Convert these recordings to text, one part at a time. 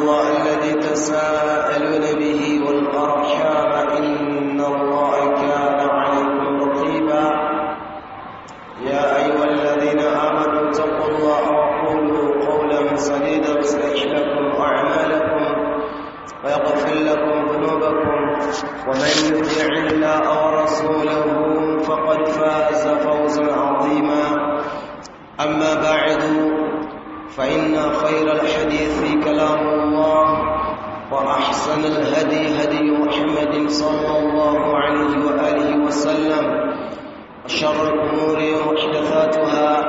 الله الذي تساءلون به والأرحام صلى الله عليه وآله وسلم وشر الأمور محدثاتها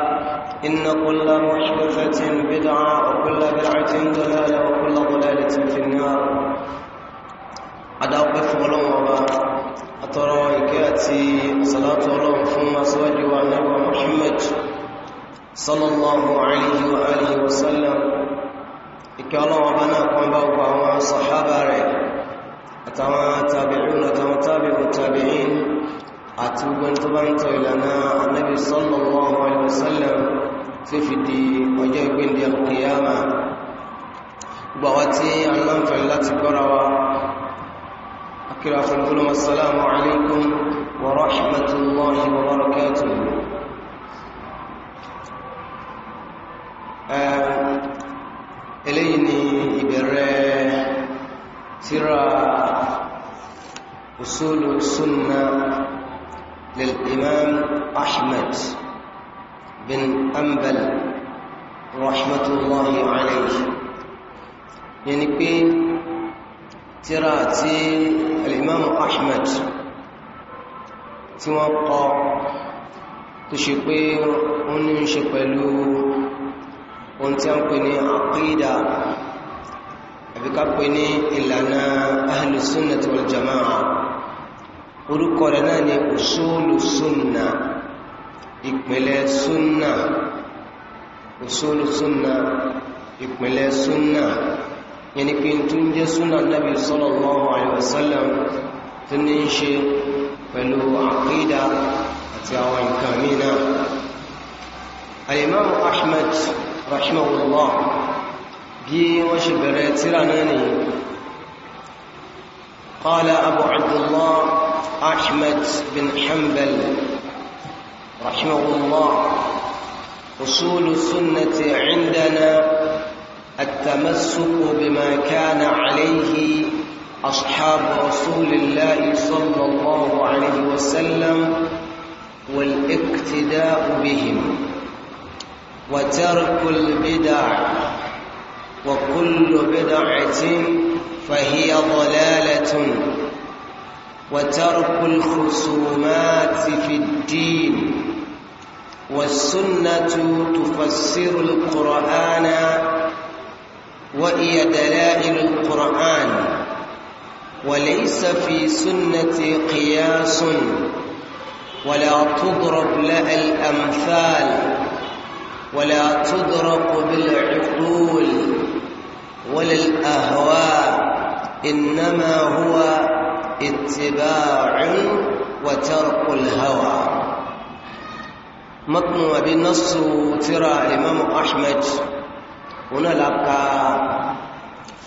إن كل محدثة بدعة وكل بدعة ضلالة وكل ضلالة في النار أدعوك فولون أبا أترى وإكاتي صلاة الله ثم أزواج ونبي محمد صلى الله عليه وآله وسلم إكالله وبناكم بأبوه وصحابه àtàwọn tàbí'ùn àtàwọn tàbí'ù tàbí'ìn àti gbogbo tó bá ń tọ ìlànà anábì sallallahu alaihi wasallam tí fi di ọjọ́ ìgbéǹde alkiyama gbogbo àwọn tí a ń lọ́nfẹ̀ láti gbọ́ra wa akíra fún أصول السنة للإمام أحمد بن أنبل رحمة الله عليه يعني في تراتي الإمام أحمد توقع تشقي ونشقلو ونتنقني عقيدة أبقى بني إلا أنا أهل السنة والجماعة orúkọ rẹ̀ náà ni usulu sunna ìpìlẹ̀ sunna usulu sunna ìpìlẹ̀ sunna yẹni pé tó ń jẹ́ sunna Nabi sallallahu alaihi wasallam tó ní ń ṣe pẹ̀lú àkídà àti àwọn nǹkan mìíràn Al-Imam Ahmad rahimahullah bí wọ́n ṣe bẹ̀rẹ̀ tírà náà nìyí قال أبو عبد الله أحمد بن حنبل رحمه الله أصول السنة عندنا التمسك بما كان عليه أصحاب رسول الله صلى الله عليه وسلم والاقتداء بهم وترك البدع وكل بدعة فهي ضلالة وترك الخصومات في الدين والسنة تفسر القرآن وهي دلائل القرآن وليس في سنة قياس ولا تضرب لها الأمثال ولا تضرب بالعقول ولا الأهواء إنما هو اتباع وترك الهوى مطن وبالنص ترى الإمام أحمد هنا لقى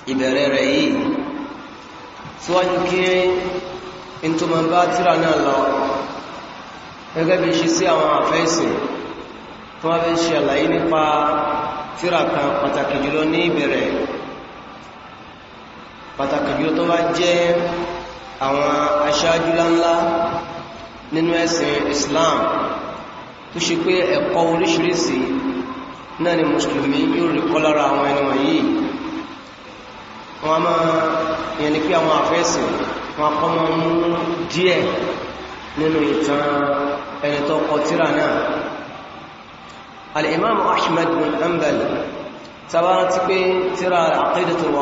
إبريري سواء كي انتم من باتر الله gẹ́gẹ́ bí ṣe sí àwọn àfẹ́sìn tó wá fi ṣe àlàyé nípa tíra kan pàtàkì jùlọ ní ìbẹ̀rẹ̀ pàtàkì jùlọ tó bá jẹ́ àwọn aṣáájú láńlá nínú ẹ̀sìn Islam tó ṣe pé ẹ̀kọ́ oríṣiríṣi náà ni mùsùlùmí yóò rí kọ́ lára àwọn ẹni wọ̀nyí wọn máa yẹn ni pé àwọn àfẹ́sìn wọn kọ́ mọ́ mú díẹ̀ nínú ìtàn ẹni tó kọ tírà náà al-imam Ahmad bin Hanbal tabarati pé tírà al-aqidatul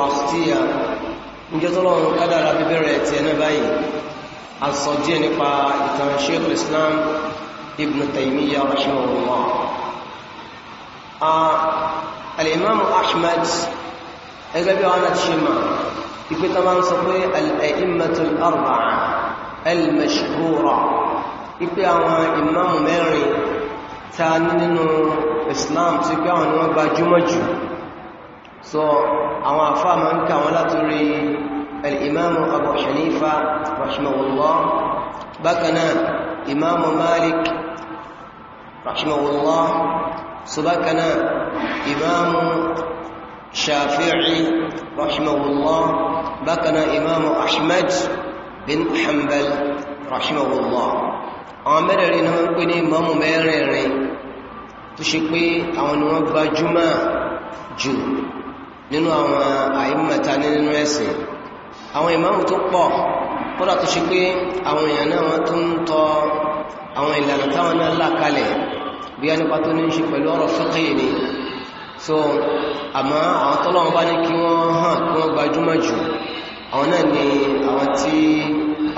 níjọ́ tọ́lọ́run kádàrà bíbẹ̀rẹ̀ ti ẹ̀nà báyìí a sọ díẹ̀ nípa ìtàn sheikh islam ibn taymiyyah rahimahullah al-imam ahmad ẹgbẹ́ bí wọn ti ṣe ma ìpé tó máa ń sọ pé al-a'immatul al-mashhura ìpé àwọn imam mẹ́rin ta nínú islam ti pé àwọn ni so àwọn àfáà máa ń ká wọn látorí al'imamu abu hanifa rahimahullah bákanáà imamu malik rahimahullah so bákanáà imamu shafi'i rahimahullah bákanáà imamu ahmed bin hanbal rahimahullah àwọn mẹ́rẹ̀rin ni wọ́n pè ní imamu mẹ́rẹ̀rin tó ṣe pé àwọn ni wọ́n gbajúmọ̀ jù nínú àwọn àìmọ̀ta nínú ẹ̀sìn àwọn ìmáàmù tó pọ̀ kódà tó ṣe pé àwọn èèyàn náà wọ́n tó ń tọ àwọn ìlànà táwọn náà là kalẹ̀ bí a nípa tó ní ṣe pẹ̀lú ọ̀rọ̀ fẹ́kẹ̀yìn ni so àmọ́ àwọn tọ́lọ́wọ́n bá ní kí wọ́n hàn kí wọ́n gbajúmọ̀ jù àwọn náà ni àwọn tí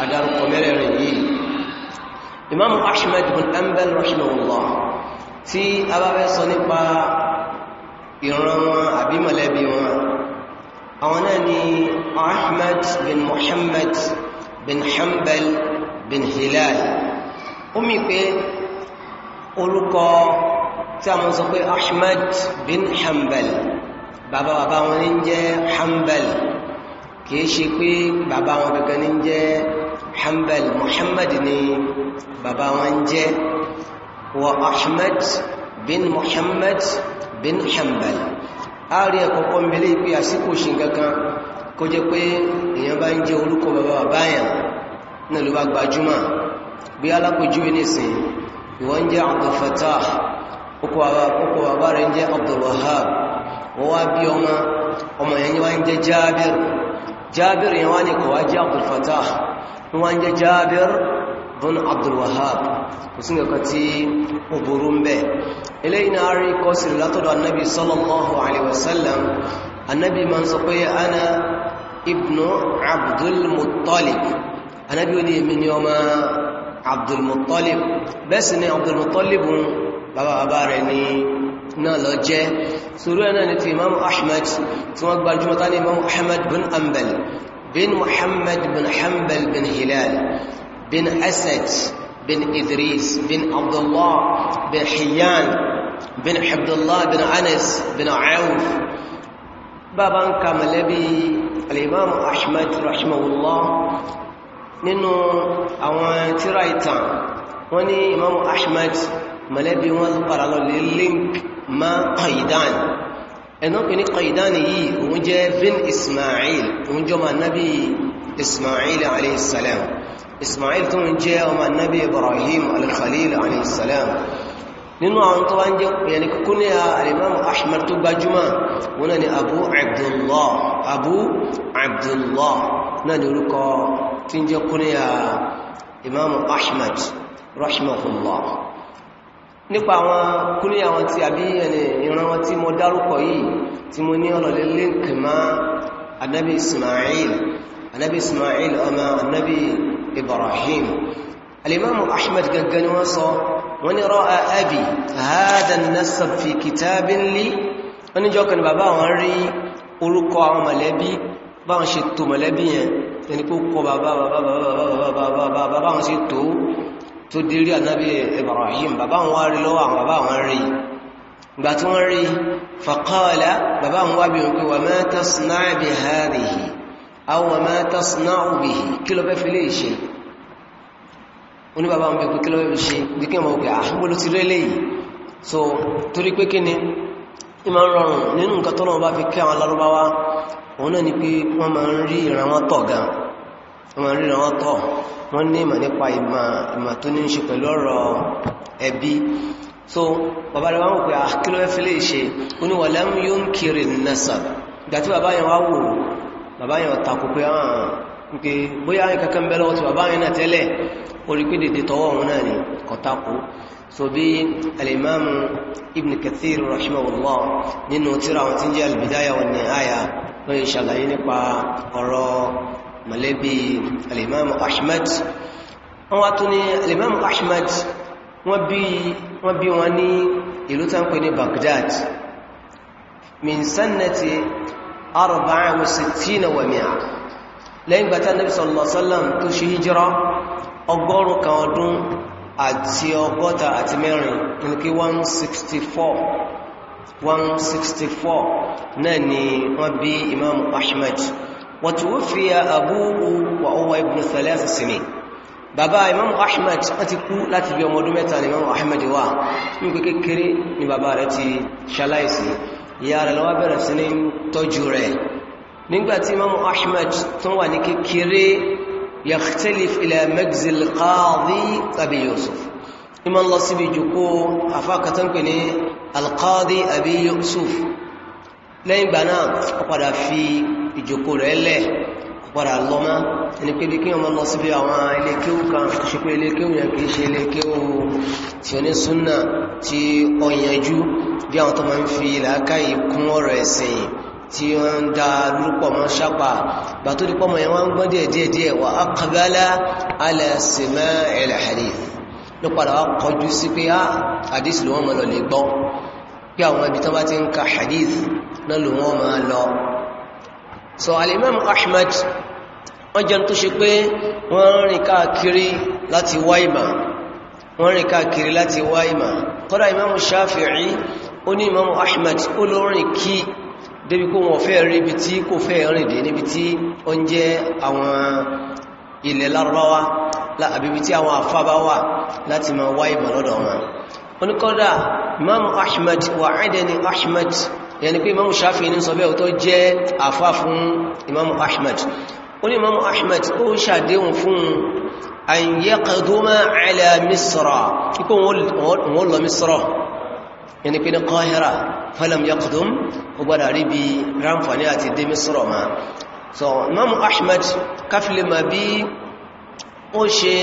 adarúkọ mẹ́rẹ̀ẹ̀rin yìí imam ahmed bin ambel rahimahullah tí a bá fẹ́ sọ nípa ìran wọn àbí mọ̀lẹ́bí wọn àwọn náà ni ahmad bin muhammad bin hanbal bin hilal ó mì pé orúkọ tí a mọ́ sọ pé ahmad bin hanbal bàbá bàbá wọn ní jẹ́ hanbal kìí ṣe pé bàbá wọn gangan ní jẹ́ hanbal muhammad ni bàbá wọn jẹ́ wa ahmad bin Muhammad bin Hanbal a rí ẹ̀kọ́kọ́ mẹ́lé pé àsìkò ṣe gankan kó jẹ́ pé èyàn bá ń jẹ́ orúkọ bàbá báyàn náà ló bá gbajúmọ̀ bí alápòjú ẹnìsìn ìwọ́n jẹ́ Abdul Fattah ọkọ̀ bàbá rẹ̀ ń jẹ́ Abdul Jabir Jabir yẹn wá ní kọ̀wá jẹ́ Abdul Jabir bin Abdul kò sí nǹkan tí ó burú ń bẹ̀ eléyìí náà rí kọ́sìrì látọ̀dọ̀ annabi sallallahu alaihi wasallam annabi ma ń sọ pé ana ibnu abdul muttalib annabi ó ní èmi ni ọmọ abdul muttalib bẹ́ẹ̀ sì ni abdul muttalib bàbá bàbá rẹ̀ ni náà lọ jẹ́ sórí ẹ̀nà ni ti imam ahmed tí wọ́n gbajúmọ̀ tá ní imam ahmed bin ambal bin muhammad bin hanbal bin hilal bin asad بن إدريس بن عبد الله بن حيان بن عبد الله بن أنس بن عوف بابا كملبي الإمام أحمد رحمه الله ننو أوان ترايتا وني إمام أحمد ملبي والقرال لللينك ما قيدان إنه كني قيدان يي ونجا بن إسماعيل ونجا النبي إسماعيل عليه السلام Ismail tó ń jẹ́ ọmọ annabi Ibrahim al-Khalil alayhisalam nínú àwọn tó wá ń jẹ́ yẹni kúkú ní al-Imam Ahmad tó gbajúmọ̀ wọn ni Abu Abdullah Abu Abdullah náà ni orúkọ tí ń jẹ́ kú ní Imam Ahmad rahimahullah nípa àwọn kúníyà wọn tí àbí ìran wọn tí mo dárúkọ yìí tí mo ní ọlọ̀lẹ́ lẹ́ǹkì máa annabi Ismail annabi Ismail ọmọ annabi إبراهيم الإمام أحمد قنقن وصى ونرأى أبي هذا النسب في كتاب لي wọ́n ní jọ́ kan bàbá wọn rí orúkọ àwọn mọ̀lẹ́bí bá wọn ṣe tó mọ̀lẹ́bí yẹn ẹni kó kọ bàbá bàbá wọn ṣe tó tó dérí ànábí Ibrahim bàbá wọn wá rí lọ́wọ́ àwọn bàbá wọn rí ìgbà tí wọ́n rí faqala bàbá wọn wá bí wọn pé wà ma tasna' bi hadhihi àwọn ọmọ tásánà òbìhì kí lọ fẹ́ fi lè ṣe oníbàbá wọn bí kí lọ fẹ́ fi ṣe bí kí wọn gbé àgbóló ah, ti rẹ́ lẹ́yìn so torí pé kí ni ìmọ̀ rọrùn nínú nǹkan tọ́nà bá fi kí àwọn alárúbáwá òun náà ni pé wọ́n máa ń rí ìran wọn tọ̀ gan wọ́n máa ń rí ìran tọ̀ wọ́n ní ìmọ̀ nípa ìmọ̀ tó ní ṣe pẹ̀lú ọ̀rọ̀ ẹbí so bàbá rẹ̀ wọ́n pè àkílọ́ ah, ẹ̀fẹ́lẹ́ ìṣe oníwọ̀lẹ́m yóò ń kiri nẹ́sà ìgbà tí bàbá yẹn wá wò bàbá yẹn ọ̀tàkù pé àwọn ah, pé bóyá nǹkan kan bẹ́ lọ́wọ́ tí bàbá yẹn náà tẹ́lẹ̀ orí pé dèdè tọwọ́ òun náà ni ọ̀tàkù so bí alìmáàmù ibn kathir rahimahullah nínú tíra àwọn tí ń jẹ́ al-bidaya wa nihaya wọ́n yìí ṣàlàyé nípa ọ̀rọ̀ mọ̀lẹ́bí alìmáàmù ahmed wọ́n wá tún ní alìmáàmù ahmed wọ́n bí wọn ní ìlú tán pè ní baghdad min sannati أربعة وستين ومئة لين بتا النبي صلى الله عليه وسلم تشي هجرة أقول كودون أتي أقوتا أتي ميرين إنكي 164 164 ناني وبي إمام أحمد وتوفي أبوه وهو ابن ثلاث سنين bàbá imam ahmed wọ́n ti kú láti bí ọmọ ọdún mẹ́ta ni imam ahmed wà ní kékeré ni bàbá rẹ̀ ti ṣaláìsí ìyá rẹ̀ ló wá bẹ̀rẹ̀ sí ní tọ́jú rẹ̀ nígbàtí imam ahmed tó wà ní kékeré yakhtalif ila magzil qadi abi yusuf imam lọ síbi jùkú afákatán pè ní alqadi abi yusuf lẹ́yìn gbà náà ó padà fi ìjòkó rẹ̀ lẹ́ẹ̀ padà lọ mọ́ ẹni pé lékí ọmọ lọ síbi àwọn ilékéwù kan tó ṣe pé ilékéwù yẹn kìí ṣe ilékéwù tí ó ní súnà tí ó yanjú bí àwọn tó máa ń fi làákàyè kún ọ̀rọ̀ ẹ̀sìn tí wọ́n ń da lúpọ̀ mọ́ ṣápa ah, bá tó dípọ̀ mọ́ yẹn wọ́n ń gbọ́ so alimam ahmed wọ́n jẹun tó ṣe pé wọ́n rìn káàkiri láti wá ìmà wọ́n rìn káàkiri láti wá ìmà kọ́dá imamu shafi'i ó ní imamu ahmed ó ló rìn kí débi kó wọ́n fẹ́ rí ibi tí kò fẹ́ rìn dé níbi tí ó ń jẹ́ àwọn ilẹ̀ larabawa àbíbi tí àwọn afábá láti máa wá ìmà lọ́dọ̀ wọn yẹni pé imamu shafi ní sọ bẹ́ẹ̀ tó jẹ́ àfá fún imamu ahmed ó ní imamu ahmed ó ṣàdéhùn fún an yaqduma ala misra ipò wọn lọ misra yẹni pé ní qahira falam yaqdum ó gbọ́dà rí bí ránfàní àti dé misra ma so imamu ahmed káfílẹ̀ ma bí ó ṣe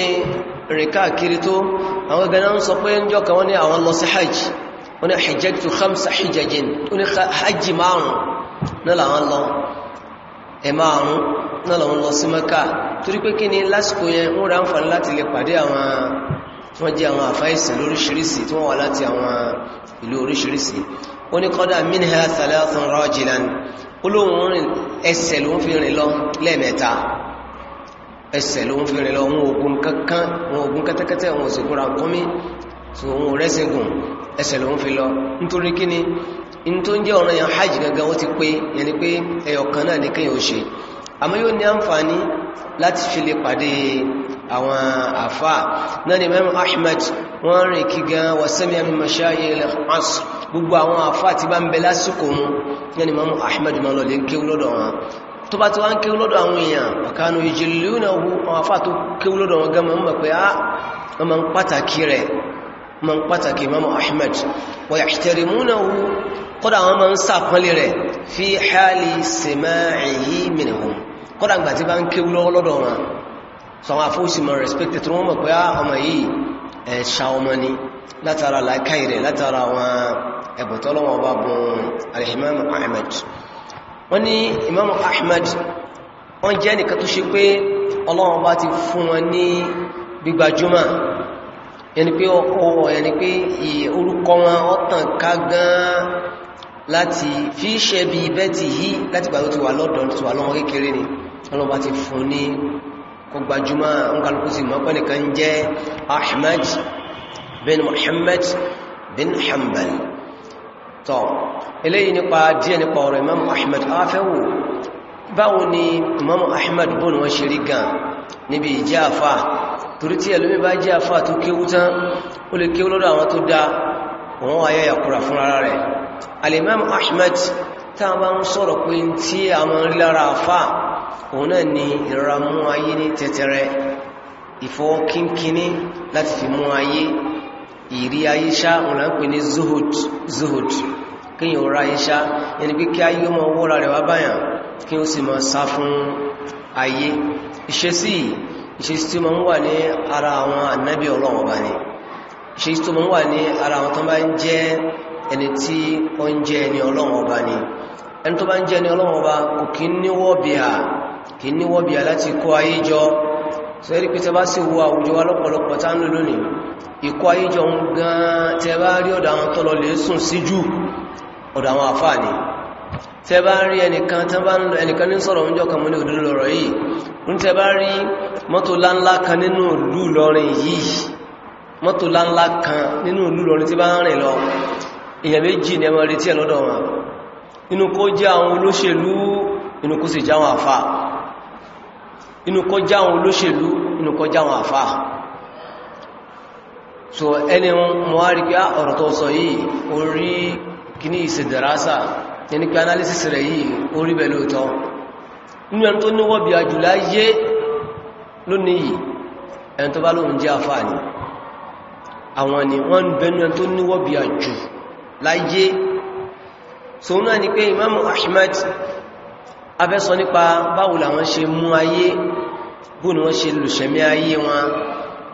rìn káàkiri tó àwọn ganan sọ pé ń jọ kan wọ́n ní àwọn lọ sí hajj wọ́n ní hajjajtu khamsa hijajin wọ́n ní hajji márùn náà làwọn lọ ẹ márùn náà làwọn lọ sí mẹ́kà torí pé kí ni lásìkò yẹn wọ́n rà ń fa láti lè pàdé àwọn tí wọ́n jẹ́ àwọn àfáìsì lóríṣiríṣi tí wọ́n wà láti àwọn ìlú oríṣiríṣi wọ́n ní kọ́dà minha thalathun rajilan olóhùn so òun rẹ̀ sígùn ẹsẹ̀ lòun fi lọ nítorí kí ni in tó ń jẹ́ ọ̀rọ̀ yẹn hajj gangan ó ti pé yẹn ni pé ẹyọkan náà ní kéyàn ó ṣe àmọ́ yóò ní àǹfààní láti fi lè pàdé àwọn àfà náà ni Imam Ahmad wọ́n rìn kí gan wàsẹ́mí àmì mọ̀ṣáyé ilẹ̀ asr gbogbo àwọn àfà tí bá ń tó bá ti wá ń kéwú lọ́dọ̀ àwọn èèyàn ọ̀kanu ìjìnlẹ̀ náà wú àwọn àfà tó kéwú lọ́dọ̀ wọn gan mọ̀ pé á ah, wọ́n pàtàkì rẹ̀ ma ń pàtàkì imamu ahmed wa yahtarimunahu kódà wọn ma ń sàpọ́nlé rẹ̀ fi hali sèmáàyí minhum kódà gbà tí bá ń kéwú lọ́wọ́lọ́dọ̀ wọn sọ wọn àfóòsì ma respect tí wọ́n mọ̀ pé ah, ọmọ yìí ẹ̀ṣà ọmọ ni látara làákàí rẹ̀ látara wọn ẹ̀bùtọ́lọ́wọ́ bá bùn alimamu ahmed wọ́n ní imamu ahmed wọ́n jẹ́ nìkan tó ṣe pé ọlọ́wọ́n bá ti fún wọn ní gbígbajúmọ̀ yẹni pé ọkọ̀ yẹni pé orúkọ wọn ọ̀tàn ká gan láti fi ṣe bí bẹ́ẹ̀tì yìí láti gbà tó ti wà lọ́dọ̀ tó wà lọ́mọ kékeré ni ọlọ́ba ti fún ní kó gbajúmọ̀ sí mọ́pẹ́ jẹ́ Ahmad bin Muhammad bin Hanbal tọ́ eléyìí nípa díẹ̀ nípa ọ̀rọ̀ Imam Ahmad afẹ́wò báwo ni Imam Ahmad bọ́ọ̀nù wọn ṣe rí gan níbi ìjẹ́ àfáà torí tí ẹlòmí bá jẹ́ afá tó kéwú tán ó lè kéwú lọ́dọ̀ àwọn tó dá wọn ayẹ́ yàkùrà fún ara rẹ̀ alimam ahmed táwọn bá ń sọ̀rọ̀ pé tí àwọn rí afá òun náà ni ìrora mú ayé ní tẹ́tẹ́rẹ́ ìfọwọ́ kínkíní láti fi mú ayé ìrí ayé ṣá òun là ń pè ní zuhud zuhud kíyàn ọ̀rá ṣá yẹni pé kí ayé ọmọ wọ́ra rẹ̀ wá báyàn kí ó sì máa sá fún ayé ìṣesí yìí ìṣesí tí ma ń wà ní ara àwọn ànábì ọlọ́wọ̀n bá ní ìṣesí tó ma ń wà ní ara àwọn tó bá ń jẹ́ ẹni tí ó ń jẹ́ ẹni ọlọ́wọ̀n bá ní ẹni tó bá ń jẹ́ ẹni ọlọ́wọ̀n bá kò kí ń níwọ́ bíà kì í níwọ́ bíà láti kó ayé jọ so ẹ́rí pé tẹbá sí wo àwùjọ wa lọ́pọ̀lọpọ̀ tá ń lò lónìí ìkó ayé jọ ń gan tẹbá rí ọ̀dọ̀ àwọn tọ́lọ lè sùn síjú ọ̀dọ̀ àwọn àfáà ni tẹ bá rí ẹnìkan tẹ bá ń lọ ẹnìkan ní sọ̀rọ̀ oúnjẹ ọkàn mọ́ ní òdúrú lọ́rọ̀ yìí ń tẹ bá rí mọ́tò láńlá kan nínú ìlú Ìlọrin yìí mọ́tò láńlá kan nínú ìlú Ìlọrin tí bá ń rìn lọ èèyàn méjì ní ẹmọ retí ẹ lọ́dọ̀ wọn inú kó so ẹni mọ́ wá rí pé ah, ọ̀rọ̀ tó sọ yìí yẹni pé analysis rẹ̀ yìí orí bẹ̀ lóòtọ́ inú ẹni tó níwọ́ bí ajùlá yé lónìí yìí ẹni tó bá lóòun jẹ́ àfáàní àwọn ni wọ́n bẹnu ẹni tó níwọ́ bí ajù láyé so náà ni pé Imam Ahmad abẹ́sọ nípa báwo làwọn ṣe mú ayé bóò ni wọ́n ṣe lùṣẹ̀mí ayé wọn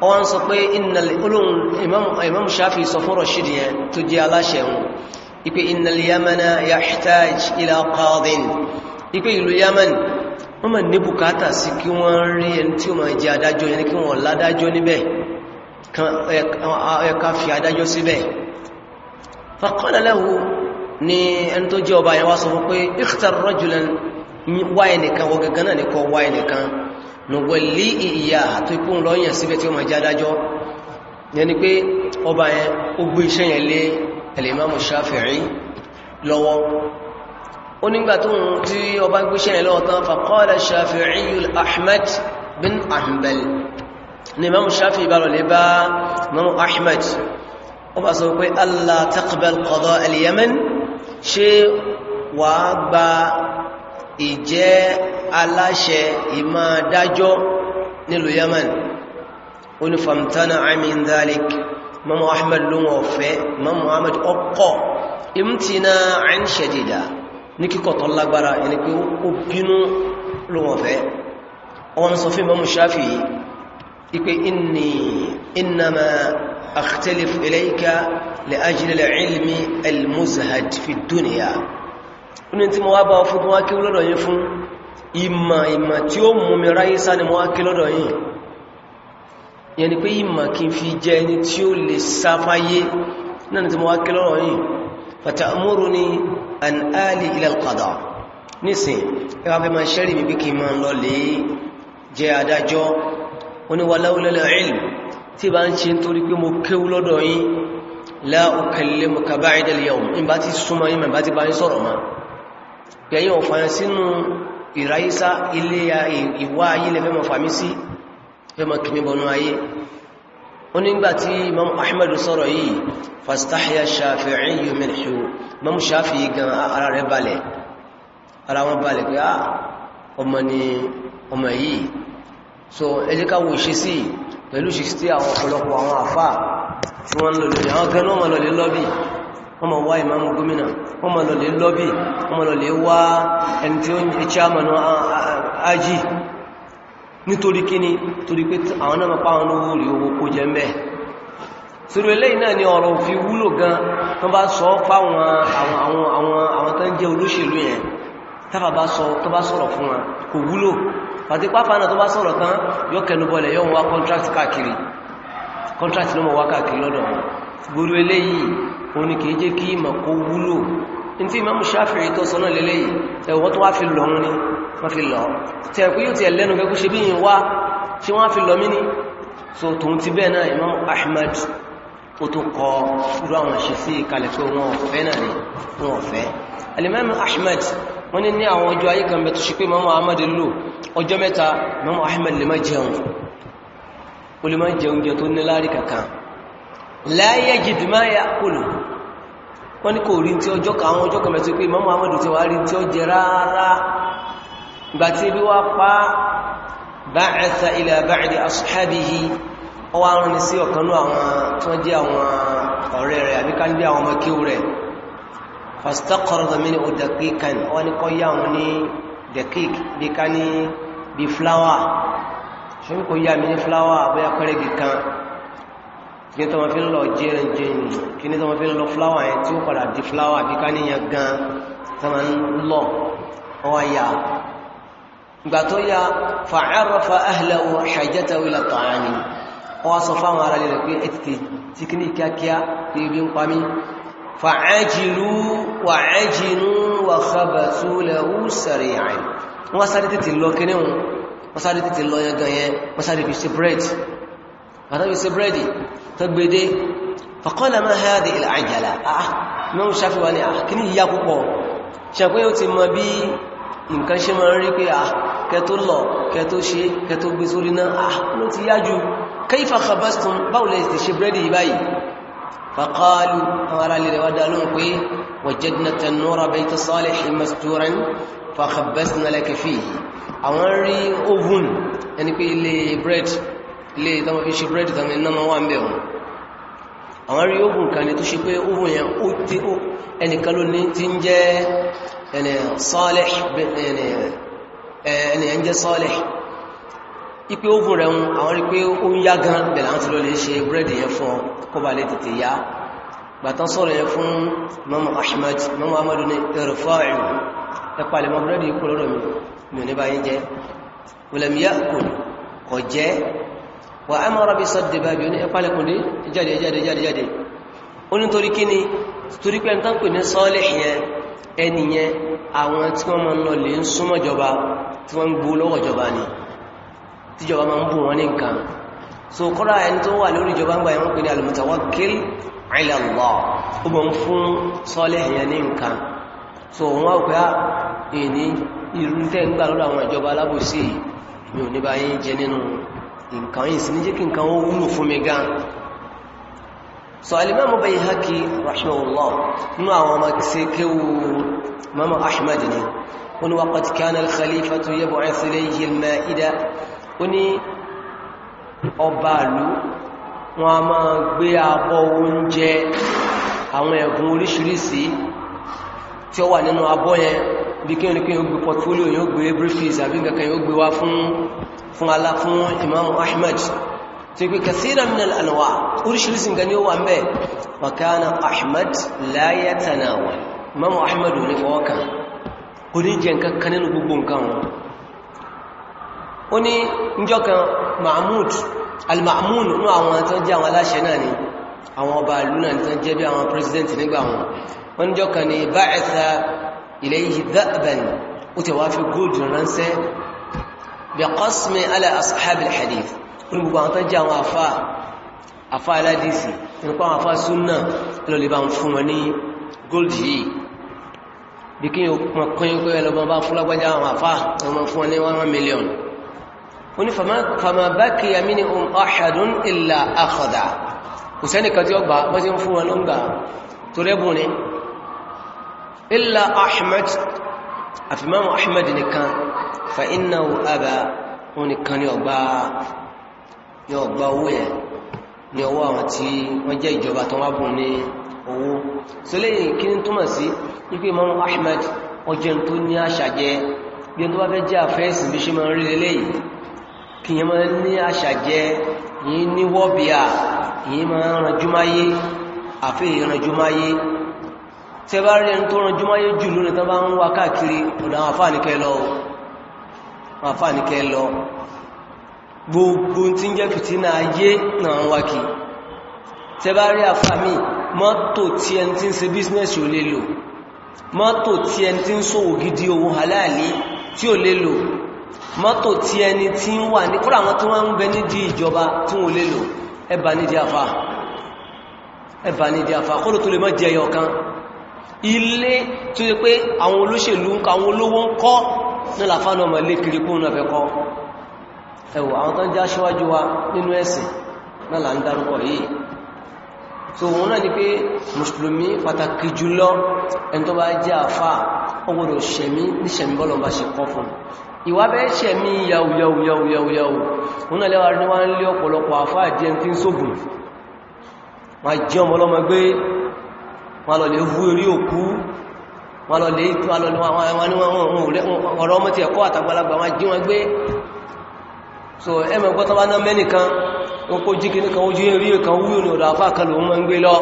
wọ́n sọ pé imam shafi sọ fún rashidi yẹn tó jẹ́ aláṣẹ wọn ipe innal yamana yahtaj ila qadin ipe ìlú yaman wọ́n ma ní bùkátà sí kí wọ́n rí ẹni tí ó ma jẹ adájọ́ yẹn kí wọ́n ládájọ́ níbẹ̀ ẹka fi adájọ́ síbẹ̀ faqala lahu ni nùwẹ̀lì ìyà tó ikú ń lọ́yìn síbẹ̀ tí ó ma jẹ́ adájọ́ yẹn ni pé ọba yẹn ó gbé iṣẹ́ yẹn lé ẹ̀lẹ́mọ́mù Shafi'i lọ́wọ́ ó nígbà tó ń tí ọba gbé iṣẹ́ yẹn lọ́wọ́ tán faqala Shafi'i Allah taqbal qada al-Yaman ṣe ìjẹ́ aláṣẹ ìmá dájọ́ nílùú Yemen onífàmtánà amin dhalik mamu ahmed ló wọ́n fẹ́ mamu ahmed ọkọ̀ imtina ain shadida ní kíkọ̀ tó lágbára ẹni pé ó bínú ló wọ́n fẹ́ ọwọ́n sọ fún mamu shafi ipe inni innama akhtalifu ilayka li ajli al-ilmi al-muzhad fi dunya inú tí mo wá bá fún tó wá kí lọ́dọ̀ yìí fún ìmọ̀ ìmọ̀ tí ó mú mi ráyé sá ni mo wá kí lọ́dọ̀ yìí yẹn ni pé ìmọ̀ kí n fi jẹ ẹni tí ó lè sáfáyé náà ni tí mo wá kí lọ́dọ̀ yìí fatamuruni an ali ila alqada nísìn ẹwà fẹ́ máa ń sọ̀rọ̀ máa pẹ̀yìn ọ̀fàn sínú ìráyísá ilé ìwá ayé lè fẹ́mọ̀ fàmí sí fẹ́mọ̀ kìmíbọnú ayé ó nígbà tí imam ahmed sọ̀rọ̀ yìí fastahya shafi'i yuminhu imam shafi gan ara rẹ̀ balẹ̀ ara wọn balẹ̀ pé á ah, ọmọ ni ọmọ yìí so ẹjíkáwò ṣe sí pẹ̀lú ṣe sí àwọn ọ̀pọ̀lọpọ̀ àwọn àfáà tí wọ́n lòlẹ̀ àwọn gan náà lòlẹ̀ lọ́bí wọ́n ma wá ìmáàmù gómìnà wọ́n ma lọlẹ̀ lọ́bì wọ́n ma lọlẹ̀ wá ẹni tí ó ń jẹ́ chairman ají nítorí kíni torí pé àwọn náà pa owó rí owó kó jẹ mẹ́ sórí eléyìí náà ni ọ̀rọ̀ fi wúlò gan tán bá sọ fáwọn àwọn tán jẹ́ olóṣèlú yẹn tábà bá sọ tó bá sọ̀rọ̀ fún wọn kò wúlò àti pápá náà tó bá sọ̀rọ̀ tán yọ kẹnubọlẹ̀ yọ wá contract káàkiri contract ló mọ̀ wá káàkiri lọ́dọ̀ gbogbo eléyìí òun ni kìí jẹ́ kí ìmọ̀ kó wúlò ní tí Imam Shafi'i tó sọ́nà lélẹ́ yìí ẹ̀wọ́n tó wá fi lọ wọn ni wọ́n fi lọ tẹ̀kú yóò ti ẹ̀lẹ́nu kẹ́kú ṣe bí yìí wá ṣe wọ́n fi lọ mí ní so tòun ti bẹ́ẹ̀ náà Imam Ahmad ó tó kọ irú àwọn ṣe sí ìkalẹ̀ pé wọn ọ̀fẹ́ náà ni wọn ọ̀fẹ́ alimami Ahmad wọ́n ní ní àwọn ọjọ́ ayé kan mẹ́tọ́ ṣe pé Imam Ahmad lò ọjọ́ mẹ́ta Imam Ahmad lè má jẹun ó lè má jẹun jẹ tó ní láàrí kankan la yajid ma wọ́n ní kò rí tí ọjọ́ kan àwọn ọjọ́ kan mẹ́tọ́ pé Imam Muhammadu ti wá rí tí ó jẹ rárá ìgbà tí ebi wá pa ba'atha ila ba'di ashabihi ọwá rán ní sí ọ̀kanú àwọn tó jẹ́ àwọn ọ̀rẹ́ rẹ̀ àbíká ní àwọn wọ́n ní kí ní tọ́wọ́n fi ń lọ jẹ́rìnjẹ́ kí ní tọ́wọ́n fi ń lọ fúláwà yẹn tí ó padà di fúláwà bí ká níyàn gan tọ́wọ́n ń lọ ọwọ́ ya ìgbà tó ya fa'arafa ahlahu hajatahu ila ta'ami ọwọ́ sọ fáwọn ara lè pé ẹ̀tìtì tí kí ní kíákíá tí àtàbí sí búrẹ́dì tó gbèdé fàkọ́lá máa ha dì ìlàájàlá àá mẹ́rún ṣàfihàn ní ah, àkíní ìyá púpọ̀ ṣàpẹ́ ó ti mọ bí nǹkan ṣe máa rí pé à ah, kẹtó lọ kẹtó ṣe kẹtó gbé sórí náà à ah, ló ti yá ẹni pé ilé búrẹ́dì ilé ìtàwọn e fi ṣe búrẹ́dì tàbí iná ma wà ń bẹ̀rún àwọn rí ogun kan ní tó ṣe pé ogun yẹn ó tí ó ẹnìkan ló ní tí ń jẹ́ ẹni ẹn Salih ipé ogun rẹ̀ ń àwọn rí pé ó ń yá gan bẹ̀rẹ̀ àwọn ti lọ lè Mama Ahmad Mama Ahmad ní irfa'u ẹpàlẹ̀ mọ́ búrẹ́dì kúrò rẹ̀ mi ò ní bá wà amara bí sọ́dẹ̀ bá bí oní ẹpálẹ̀kùnlé jáde jáde jáde jáde ó ní torí kí ni torí pé ẹntán pè ní sọ́ọ̀lẹ̀ yẹn ẹniyẹn àwọn tí wọ́n máa ń lọ lè ń súnmọ́jọba tí wọ́n ń gbó lọ́wọ́jọba ni tíjọba máa ń bù wọ́n ní nǹkan so kọ́ra ẹni nǹkan yìí sí ní jẹ́ kí nǹkan ó wúlò fún mi gan so alimamu Bayhaqi rahimahullah nínú àwọn ọmọ sí kéwù mama ahmad ni wani waqad kana al-khalifatu yab'athu ilayhi al-ma'ida wani ọba ìlú wọn a máa gbé abọ́ oúnjẹ àwọn ẹ̀gùn oríṣiríṣi tí ó wà nínú abọ́ yẹn bí kí o ní kí o gbé portfolio yóò gbé briefings àbí nǹkan kan yóò gbé wá fún fún alá fún imam ahmed tí pé kàsíra minal anwa oríṣìíríṣìí nǹkan ni ó wà ń bẹ́ makana ahmed láyé tanawa imam ahmed ò ní fọwọ́kan kò ní jẹ nǹkan kan nínú gbogbo nǹkan wọn ó ní njọ́kan mahmud al-mahmun ní àwọn tó jẹ́ àwọn aláṣẹ náà ni àwọn ọba ìlú tó jẹ́ bí àwọn president nígbà wọn wọ́n njọ́kan ni ba'atha ilayhi dha'ban ó tẹ̀wá fi góòdù ránṣẹ́ bẹ̀kọ́sìmẹ̀ alẹ́ asáhábìl hadith ní gbogbo àwọn tó jẹ́ àwọn afá afá aládìsì nípa àwọn afá súnnà lọ́lẹ̀ bá ń fún wọn ní gold yìí bí kí wọ́n kún ikú ẹlọ́bọn bá fún lágbájá àwọn afá ọmọ fún wọn ní 1 million ó ní fama bá kí ya illa ahmed àfimam ahmed nìkan fa iná àbá wọn nìkan ni ọgbà ni ọgbà owó yẹn ni ọwọ́ àwọn tí wọ́n jẹ́ ìjọba tó wá bùn ní owó sọlẹ́yìn kí ní túmọ̀ sí wípé Imam Ahmad ọjọ́ tó ní àṣà jẹ́ bí ẹni tó bá fẹ́ jẹ́ àfẹ́sì bí ṣe máa rí lélẹ́yìn kí rí ẹni tó ranjúmáyé jù lónìí tán ń wá káàkiri ọ̀dọ̀ àfáà ní kẹ́ lọ́wọ́ wọn àfáà ní kẹ́ lọ gbogbo tí ń jẹ́ fìtínà ayé náà wá kí tẹ bá rí àfáà mi mọ́tò tí ẹni tí ń ṣe bísínẹ́sì ò lè lò mọ́tò tí ẹni tí ń ṣòwò gidi owó halálì tí ò lè lò mọ́tò tí ẹni tí ń wà ní kúrò àwọn tí wọ́n ń bẹ ilé tó yẹ pé àwọn olóṣèlú ń kọ àwọn olówó ń kọ́ nílà fánà ọmọ ilé kiri kún náà fẹ́kọ́ ẹ̀wọ̀ àwọn tó ń já ṣíwájú wa nínú ẹ̀sìn náà là ń dárúkọ yìí so wọn náà ni pé mùsùlùmí pàtàkì jùlọ ẹni tó bá jẹ́ àfà ọgbọ̀dọ̀ ṣẹ̀mí ní ṣẹ̀mí bọ́lọ̀ bá ṣe kọ́ fún ìwà bẹ́ẹ̀ ṣẹ̀mí yàwùyàwùyàwùyàwù wọn lọ lè tó alọ́ ní wọn ọ̀rọ̀ ọmọ ti ẹ̀kọ́ àtàgbàlagbà wọn jí wọn gbé so ẹmọ gbọ́tọ́ bá náà mẹ́nìkan wọn kó jí kìnnìkan ojú rí kan wúyò ní ọ̀dọ̀ àfá kan lòun ń gbé lọ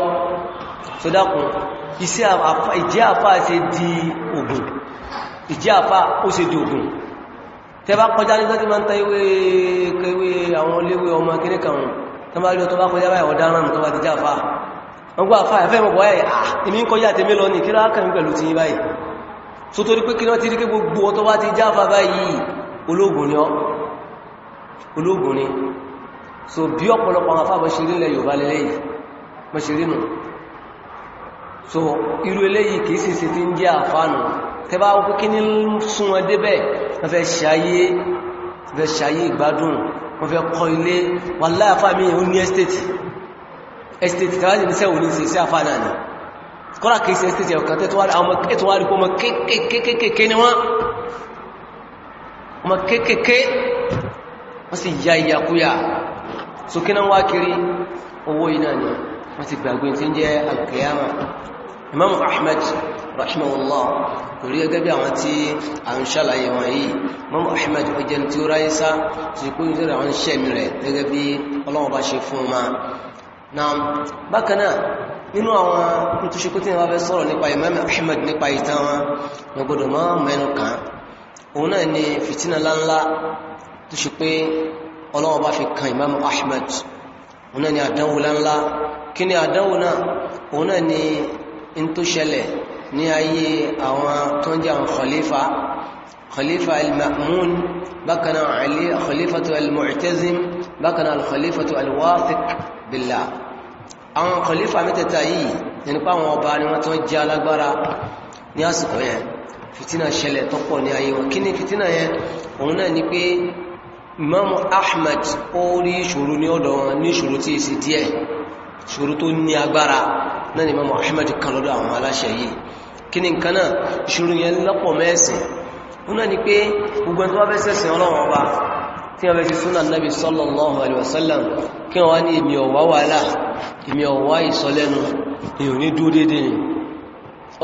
ọgbà àfáà ẹ̀fẹ́ ìmọ̀kọ̀ ẹ̀ ìmí ah, ń kọjá tèmi lọ ní kíra ákàmí pẹ̀lú ti báyìí so torí pé kíra ti rí pé gbogbo ọ̀tọ́ wá ti jáfà báyìí ológun ni ológun ni so bí ọ̀pọ̀lọpọ̀ àwọn afáà bọ́ṣe rílẹ̀ Yorùbá lẹ́lẹ́yìí bọ́ṣe rínú kí ní sún wọn débẹ̀ wọ́n fẹ́ ṣayé ìgbádùn wọ́n fẹ́ kọ́ ilé wà láàfáà mi ò ní estate estate tàbí ní sẹ́wò ní ìsẹsẹ́ àfà náà ni kọ́lá kìí ṣe estate ẹ̀kọ́ tẹ́ tọ́wàrí àwọn ẹ̀tọ́wàrí kó mọ kéèkéèkéèké ni wọ́n mọ kéèkéèké wọ́n sì ya ìyàkúyà so kí náà wá kiri owó iná ni wọ́n ti gbàgbé tí ń jẹ́ alkiyama imam ahmed rahimahullah kò rí gẹ́gẹ́ bí àwọn tí a ń ṣàlàyé wọn yìí imam ahmed ó jẹ́ tí ó ráyé sá tí kó ń jẹ́ àwọn ṣẹ́mi rẹ̀ gẹ́gẹ́ bí ọlọ́wọ́ bá ṣe fún ma náà bákanáà nínú àwọn ìtúṣe pé tí wọ́n fẹ́ sọ̀rọ̀ nípa Imam Ahmad nípa ìtàn wọn wọ́n gbọ́dọ̀ máa mẹ́nu kàn òun náà ni fìtínà láńlá tó ṣe pé Ọlọ́run bá fi kan Imam Ahmad òun náà ni àdánwò láńlá kí ni àdánwò náà òun náà ni in tó ṣẹlẹ̀ ní ayé àwọn tó khalifa khalifa al-ma'mun bákanáà khalifa al-mu'tazim bákanáà khalifa al àwọn kọlífà mẹ́tẹ̀ẹ̀ta yìí nípa àwọn ọba ni wọ́n tó ń jẹ́ alágbára ní àsìkò yẹn fìtínà ṣẹlẹ̀ tó ní ayé wọn kí ni fìtínà yẹn òun náà ni pé Imamu Ahmad ó rí ìṣòro ní ọ̀dọ̀ wọn ní ìṣòro tí èsì díẹ̀ ìṣòro tó ní agbára náà ni Imamu Ahmad kan lọ́dọ̀ àwọn aláṣẹ yìí kí ni nǹkan náà ìṣòro yẹn lọ́pọ̀ mẹ́sìn òun náà ni pé gbogbo ẹni tó wá fẹ́ sẹ́sìn Ọlọ́run ọba tí wọ́n bẹ́ ti súnà nábi sallallahu alaihi wasallam kí wọ́n ní èmì ọ̀wá wàhálà èmì ọ̀wá ìsọlẹ́nu èyàn ní dúó dédé ni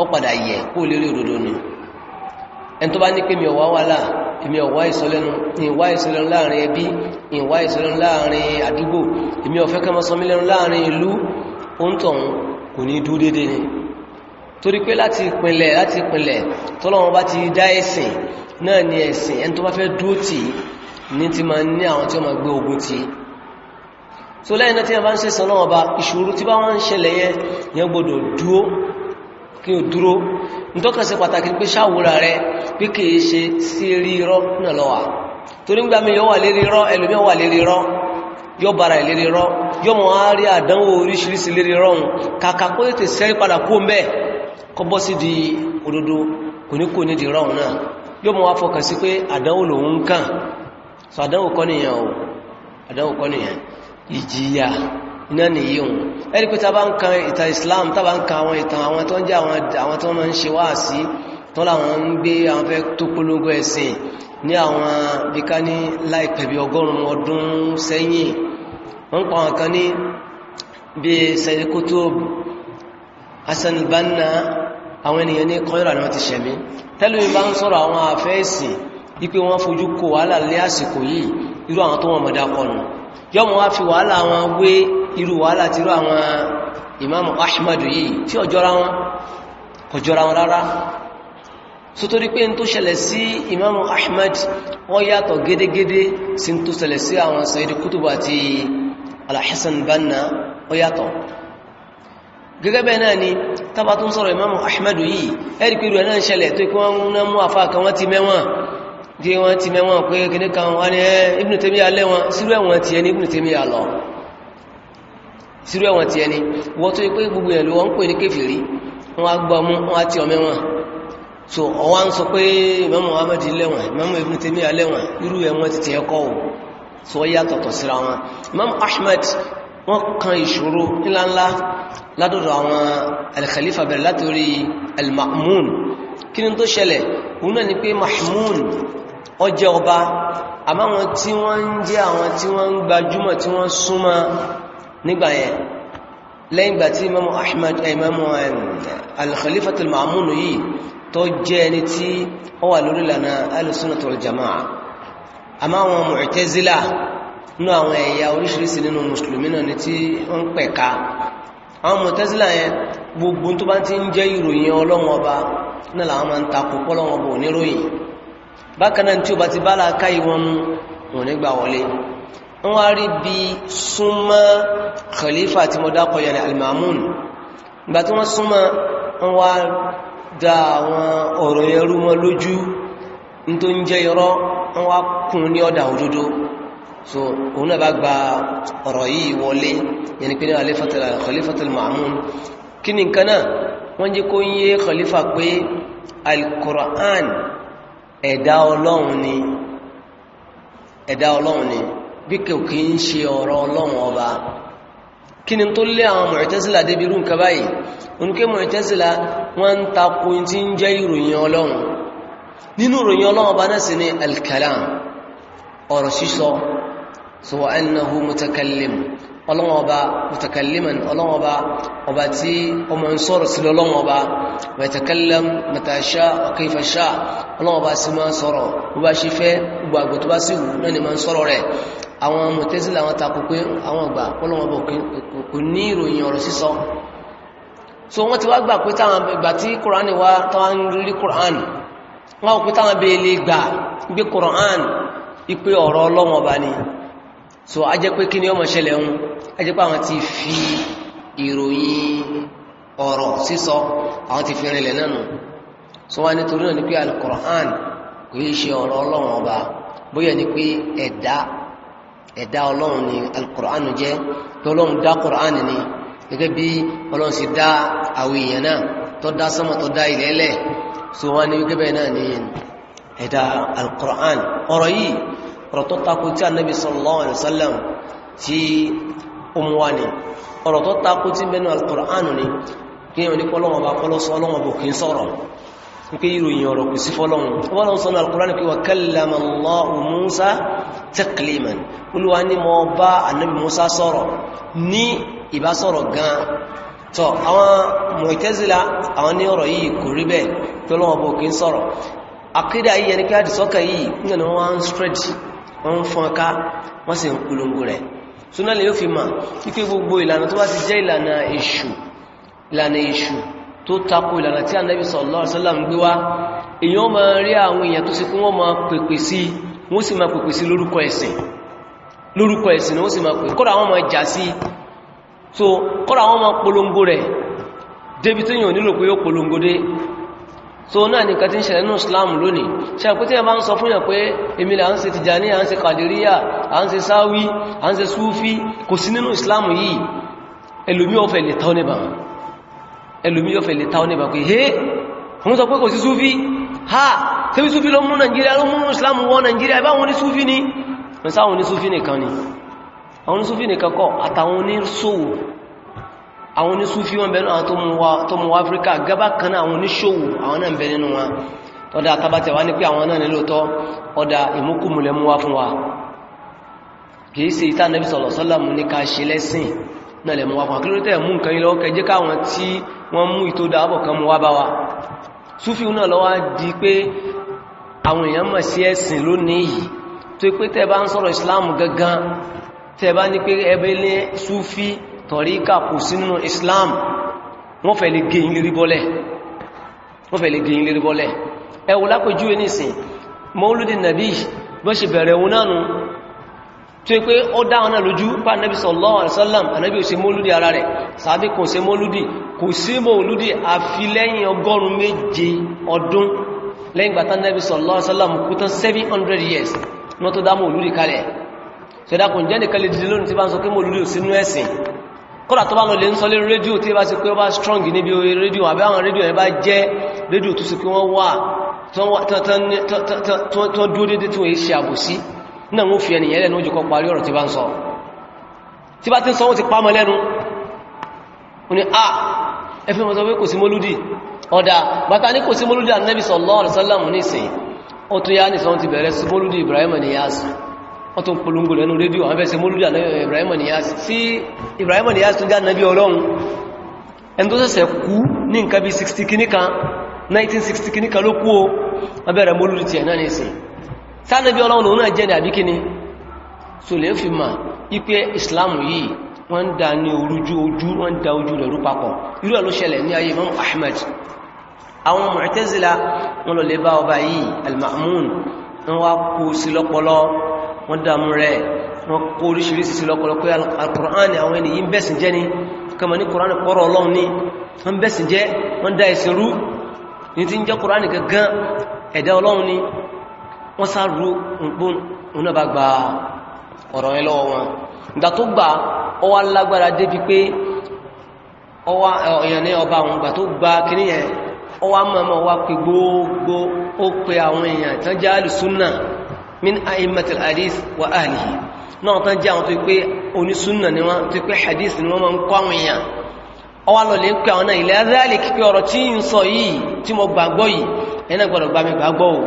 ó padà yẹ kó lérí òdodo ni ẹn tó bá ní pé èmì ọ̀wá wàhálà èmì ọ̀wá ìsọlẹ́nu ìwá ìsọlẹ́nu láàrin ẹbí ìwá ìsọlẹ́nu láàrin àdúgbò èmì ọ̀fẹ́ kẹmọsọmílẹ́nu láàrin ìlú oúntọ̀hún torí pé láti ìpínlẹ̀ láti ìpínlẹ̀ tọ́lọ́wọ́n bá ti dá ẹ̀sìn náà ni ẹ̀sìn ẹni tó bá fẹ́ dúó tì ní ti ma ní àwọn tí ó ma gbé ogun ti so lẹ́yìn náà tí wọ́n bá ń se sọ náà ọba ìṣòro tí bá wọ́n ń ṣẹlẹ̀ yẹ yẹn gbọdọ̀ dúó kí o dúró nítọ́kànṣe pàtàkì pé ṣàwúra rẹ pé kìí ṣe sí rí irọ́ lọ́wà torí yọ wà lérí irọ́ ẹlòmí wà lérí yọ bara yọ mọ̀ àdánwò oríṣiríṣi lérí kàkà kó tètè sẹ́rí padà kó di òdodo di yọ mọ̀ sí pé àdánwò so àdánwò kọ́ nìyàn o àdánwò kọ́ nìyàn ìjìyà iná nìyí òun ẹni pé tàbá ń kan ìtàn Islam tàbá ń kan àwọn ìtàn àwọn tó ń jẹ́ àwọn tó máa ń ṣe wá sí tó láwọn ń gbé àwọn fẹ́ tó polongo ẹ̀sìn ní àwọn bíká ní láìpẹ́ bí ọgọ́rùn ọdún sẹ́yìn wọ́n pa àwọn kan ní bí Sayyid Hassan banna àwọn ènìyàn ní kọ́yọ̀rọ̀ ni wọ́n ti ṣẹ̀mí tẹ́lùmí bá ń sọ̀rọ̀ àwọn àfẹ́ ẹ̀sìn wípé wọ́n fojú kó wàhálà lé àsìkò yìí irú àwọn tó wọ́n mọ̀dá kọlù yọ́mọ̀ wá fi wàhálà wọn wé irú wàhálà tí irú àwọn Imam Ahmadu yìí tí ọjọ́ra wọn kọjọ́ra wọn rárá sótórí pé n tó ṣẹlẹ̀ sí Imam Ahmad wọ́n yàtọ̀ gédégédé sí tó ṣẹlẹ̀ sí àwọn Sayyid Qutb àti al Banna ó yàtọ̀ gẹ́gẹ́ bẹ́ẹ̀ náà ni tábà tó ń sọ̀rọ̀ Imam Ahmadu yìí ẹ́rì pé irú ẹ̀ náà ń ṣẹlẹ̀ tó ikú wọn mú àfáà kan wọ́n ti mẹ́wọ̀n bí wọ́n ti mẹ́wọ́n pé kìní kan wọ́n ni eh, Ibn Taymiyyah alẹ́ wọn sírú ẹ̀wọ̀n ti ẹni Ibn Taymiyyah lọ sírú ẹ̀wọ̀n ti ẹni wọ́n tó pé gbogbo ẹ̀ ló wọ́n pè ní kèfèrí wọ́n á gbọ́ mú wọ́n á ti ọmọ wọn so ọwọ́ ń sọ pé Imam Muhammad lẹ́wọ̀n Imam Ibn Taymiyyah alẹ́wọ̀n irú ẹ̀wọ̀n ti tiẹ̀ kọ́ so ọ yàtọ̀tọ̀ síra wọn kí ni tó ṣẹlẹ̀ òun náà ni pé Ma'mun wọ́n jẹ́ ọba àmá wọn tí wọ́n ń jẹ́ àwọn tí wọ́n ń gbajúmọ̀ tí wọ́n súnmọ́ nígbà yẹn lẹ́yìn ìgbà tí imamu ahmad eh, imamu al-khalifatul ma'mun yìí tó jẹ́ ẹni tí ó wà lórí lànà al-sunnah wal jama'a àmá àwọn mu'tazila nú àwọn ẹ̀yà oríṣiríṣi nínú mùsùlùmí náà ni tí ó ń pẹ̀ka àwọn mu'tazila yẹn gbogbo tó bá ti ń jẹ́ ìròyìn ọlọ́wọ́n ọba náà làwọn máa ń takò pọ́lọ́wọ́n ọba oníròyìn bákanáà tí ó bá ti bá láàká ìwọ̀n mú wọn nígbà wọlé wọ́n rí bí súnmọ́ khalifa tí mo dákọ̀ yẹn al-Ma'mun ìgbà tí wọ́n súnmọ́ wọ́n wá dá àwọn ọ̀rọ̀ ẹrú wọn lójú ní tó ń jẹ́ irọ́ wọ́n kún ní ọ̀dà òdodo so òun náà bá gba ọ̀rọ̀ yìí wọlé yẹni pé ní khalifatul Ma'mun kí ni nǹkan náà wọ́n jẹ́ kó ń yé khalifa pé al-Qur'an ẹ̀dá ọlọ́run ni ẹ̀dá ọlọ́run ni bí kò kí ń ṣe ọ̀rọ̀ ọlọ́run ọba kí ni tó lé àwọn Mu'tazila débi irú nǹkan báyìí oníkẹ́ Mu'tazila wọ́n ń takò tí ń jẹ́ ìròyìn ọlọ́run nínú ìròyìn ọlọ́run ọba náà sì ọlọ́wọ́n ọba mutakalliman ọlọ́wọ́n ọba ọba tí ọmọ ń sọ̀rọ̀ sí lọ́lọ́wọ́n ọba mẹ́tàkẹ́lẹ́m mẹ́tàṣá ọkẹ́fẹ́ṣá ọlọ́wọ́n ọba sí máa ń sọ̀rọ̀ bó bá ṣe fẹ́ gbogbo àgbò tó bá sì wù náà ni máa ń sọ̀rọ̀ rẹ̀ àwọn mọ̀tẹ́sílẹ̀ àwọn takò pé àwọn ọgbà ọlọ́wọ́n ọba kò ní ìròyìn ọ̀rọ̀ sísọ so wọ́n ti wá gbà pé táwọn ìgbà tí Qur'an wá táwọn rí Qur'an wọ́n wọ́n pé táwọn abẹ́ gbà gbé Qur'an ipe ọ̀rọ̀ ọlọ́wọ́n ni so a jẹ́ pé kí ni ọmọ ṣẹlẹ̀ ń a jẹ́ pé àwọn ti fi ìròyìn ọ̀rọ̀ sísọ àwọn ti fi rinlẹ̀ náà nù so wá nítorí náà ni pé alukoran kò yí ṣe ọ̀rọ̀ ọlọ́run ọba bóyá ni pé ẹ̀dá ẹ̀dá ọlọ́run ni alukoran jẹ́ pé dá koran ni gẹ́gẹ́ bí ọlọ́run sì dá àwọn èèyàn náà tó dá sánmà tó dá ilẹ̀ lẹ̀ so wá ní gẹ́gẹ́ bẹ́ẹ̀ náà ni ẹ̀dá alukoran ọ̀rọ̀ yìí ọ̀rọ̀ tó takò tí annabi sallallahu alaihi wasallam tí ó mú wá ní ọ̀rọ̀ tó takò tí bẹnu al-Qur'an ní kí èyàn ní pọ́lọ́wọ́ bá pọ́lọ́sọ́ ọlọ́wọ́ bò kí ń sọ̀rọ̀ wípé ìròyìn ọ̀rọ̀ kò Musa takliman olúwa ní mọ́ bá Musa sọ̀rọ̀ ní ìbásọ̀rọ̀ gan tọ́ àwọn Mu'tazila àwọn ní ọ̀rọ̀ yìí kò rí bẹ́ẹ̀ tó lọ́wọ́ bò kí ń sọ̀rọ̀ akídà yìí yẹn ni kí á dìsọ́kà yìí nínú wọn spread wọ́n ń ká wọ́n sì ń polongo rẹ̀ súnà lè yóò fi mà wípé gbogbo ìlànà tó bá ti jẹ́ ìlànà èṣù ìlànà èṣù tó tako ìlànà tí Ànábì sallallahu alaihi wasallam gbé wá èèyàn máa rí àwọn èèyàn tó sì kún wọ́n máa pèpè sí wọ́n sì máa pèpè sí lórúkọ ẹ̀sìn so kọ́ra wọ́n polongo rẹ̀ débi tí èèyàn nílò polongo dé so náà nìkan tí ń ṣẹlẹ̀ ní islam lónìí ṣe àpò tí a bá ń sọ fún yàn pé èmi là ń ṣe tìjàní à ń ṣe kàdíríyà à ń ṣe sáwí à ń ṣe súfí kò sí nínú islam yìí ẹlòmí ọ̀fẹ́ lè tán níbà pé hé wọ́n sọ pé kò sí súfí ha tẹ́bí súfí ló mú nàìjíríà ló mú islam wọ nàìjíríà ibá wọn ní súfí ni mẹ́sà wọn ní súfí nìkan ni àwọn àwọn onísúfí wọn bẹ̀rẹ̀ àwọn tó mú áfíríkà gábà kaná àwọn oníṣòwò àwọn náà bẹ̀rẹ̀ nínú wọn tọ́dá àtàbàtẹ̀ wá ní pé àwọn náà nílòótọ́ ọdá ìmúkùmùlẹ̀ mú wá fún wa kìí ṣe ìta nẹ́bí sọ̀lọ̀sọ́lọ̀mù ní ká ṣe lẹ́sìn náà lẹ̀ mú wá fún akílótẹ́ mú nǹkan ilọ́ kẹjẹ́ káwọn tí wọ́n mú ìtò dáàbọ̀ kan mú wá bá wa súfí tọ̀ríkà kò sí nínú Islam wọ́n fẹ́ lè gé yín lérí bọ́lẹ̀ wọ́n fẹ́ lè gé yín lérí bọ́lẹ̀ ẹ wò lápẹjúwe nìsìn mọ́lúdì nàbí bọ́ ṣe bẹ̀rẹ̀ òun náà nù tó pé ó dá ọ̀nà lójú pa nàbí sallallahu alaihi wasallam ànábì ò ṣe mọ́lúdì ara rẹ̀ sàbí kò ṣe mọ́lúdì kò sí mọ́lúdì sallallahu alaihi wasallam kú tán 700 years wọ́n tó dá mọ́lúdì kalẹ̀ ṣẹ̀dá kò jẹ́ nìkan lè dìde lónìí tí bá ń sọ pé mọ́lúdì ò sínú ẹ̀sìn kọ́lá tó bá lọ lè ń sọ lé rédíò tí bá sí pé ó bá strong níbi orí rédíò àbí àwọn rédíò ẹ̀ bá jẹ́ rédíò tó sì pé wọ́n wà tó dúó dédé tí wọ́n ṣe àbòsí náà wọ́n fi ẹniyàn lẹ́nu ojúkọ parí ọ̀rọ̀ tí bá ń sọ tí bá ti ń sọ wọ́n ti pàmọ́ lẹ́nu wọ́n ni ah ẹfẹ́ mọ́ sọ pé kò sí mólúdì ọ̀dà bàtà ní kò sí mólúdì ànábì wọ́n tún polongo lẹ́nu rédíò àwọn fẹ́sẹ̀ mólúdà lẹ́yìn Ibrahim Niyas sí Ibrahim Niyas tún já nàbí ọlọ́run ẹni tó sẹ́sẹ̀ kú ní nǹkan bí 60 kìníkà 1960 kìníkà ló kú o wọ́n bẹ̀rẹ̀ mólúdì tí ẹ̀ náà nìsìn sá nàbí ọlọ́run òun náà jẹ́ ní àbíkíní so lè fi mà ipe Islam yìí wọ́n da ní orújú ojú wọ́n da ojú rẹ̀ rú papọ̀ irú ẹ̀ ló ṣẹlẹ̀ ní ayé Imam Ahmed àwọn Mu'tazila wọn lọ lè bá ọba yìí Al-Ma'mun wọn wá kú sí wọ́n dàmú rẹ̀ wọ́n kó oríṣiríṣi sí lọ́pọ̀lọpọ̀ alkùránì àwọn ènìyàn ń bẹ̀sìn jẹ́ ni kama ní kùránì pọ́rọ̀ ọlọ́run ní wọ́n bẹ̀sìn jẹ́ wọ́n dá ẹ̀sìn rú ní tí ń jẹ́ kùránì gangan ẹ̀dá ọlọ́run ni wọ́n min a'immatul hadith wa ahlihi náà tán jẹ́ àwọn tó pé onísúnnà ni wọ́n tó pé hadith ni wọ́n máa ń kọ́ àwọn èèyàn ọwá lọ lè ń pè àwọn náà ilẹ̀ azali kíkẹ́ ọ̀rọ̀ tí ń sọ yìí mo gbàgbọ́ yìí ẹ̀nà gbọ́dọ̀ gbà mi gbàgbọ́ o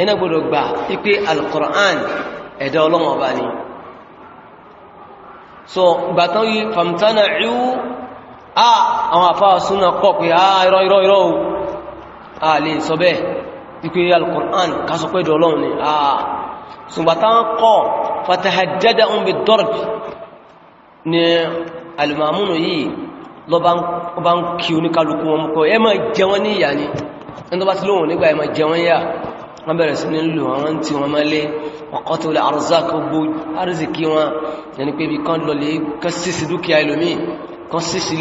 ẹ̀nà gbọ́dọ̀ gbà pípé al-Qur'an ẹ̀dá ọlọ́wọ́n ọba ni so gbà tán yìí fàmtánà ìwú a àwọn àfáà súnà kọ̀ pé a ah, irọ́ irọ́ irọ́ o a lè sọ bẹ́ẹ̀ wípé al-Qur'an kásọ pé dọ̀lọ́un ni a ṣùgbàtà ń kọ́ fatahajjada um ń bí dọ́rọ̀bì ni alìmọ̀múnù yìí lọ bá ń kí oníkàlùkù wọn mọ́kọ̀ ẹ ma jẹ wọn ní ìyà ni ẹni tó bá ti lóhun nígbà ẹ ma jẹ wọn yà wọ́n bẹ̀rẹ̀ sí ní lò wọ́n tí wọ́n má lé ọkọ̀tọ̀lẹ̀ àrùsákọ̀gbò àrísìkí wọn yẹni pé bí lè kán sísì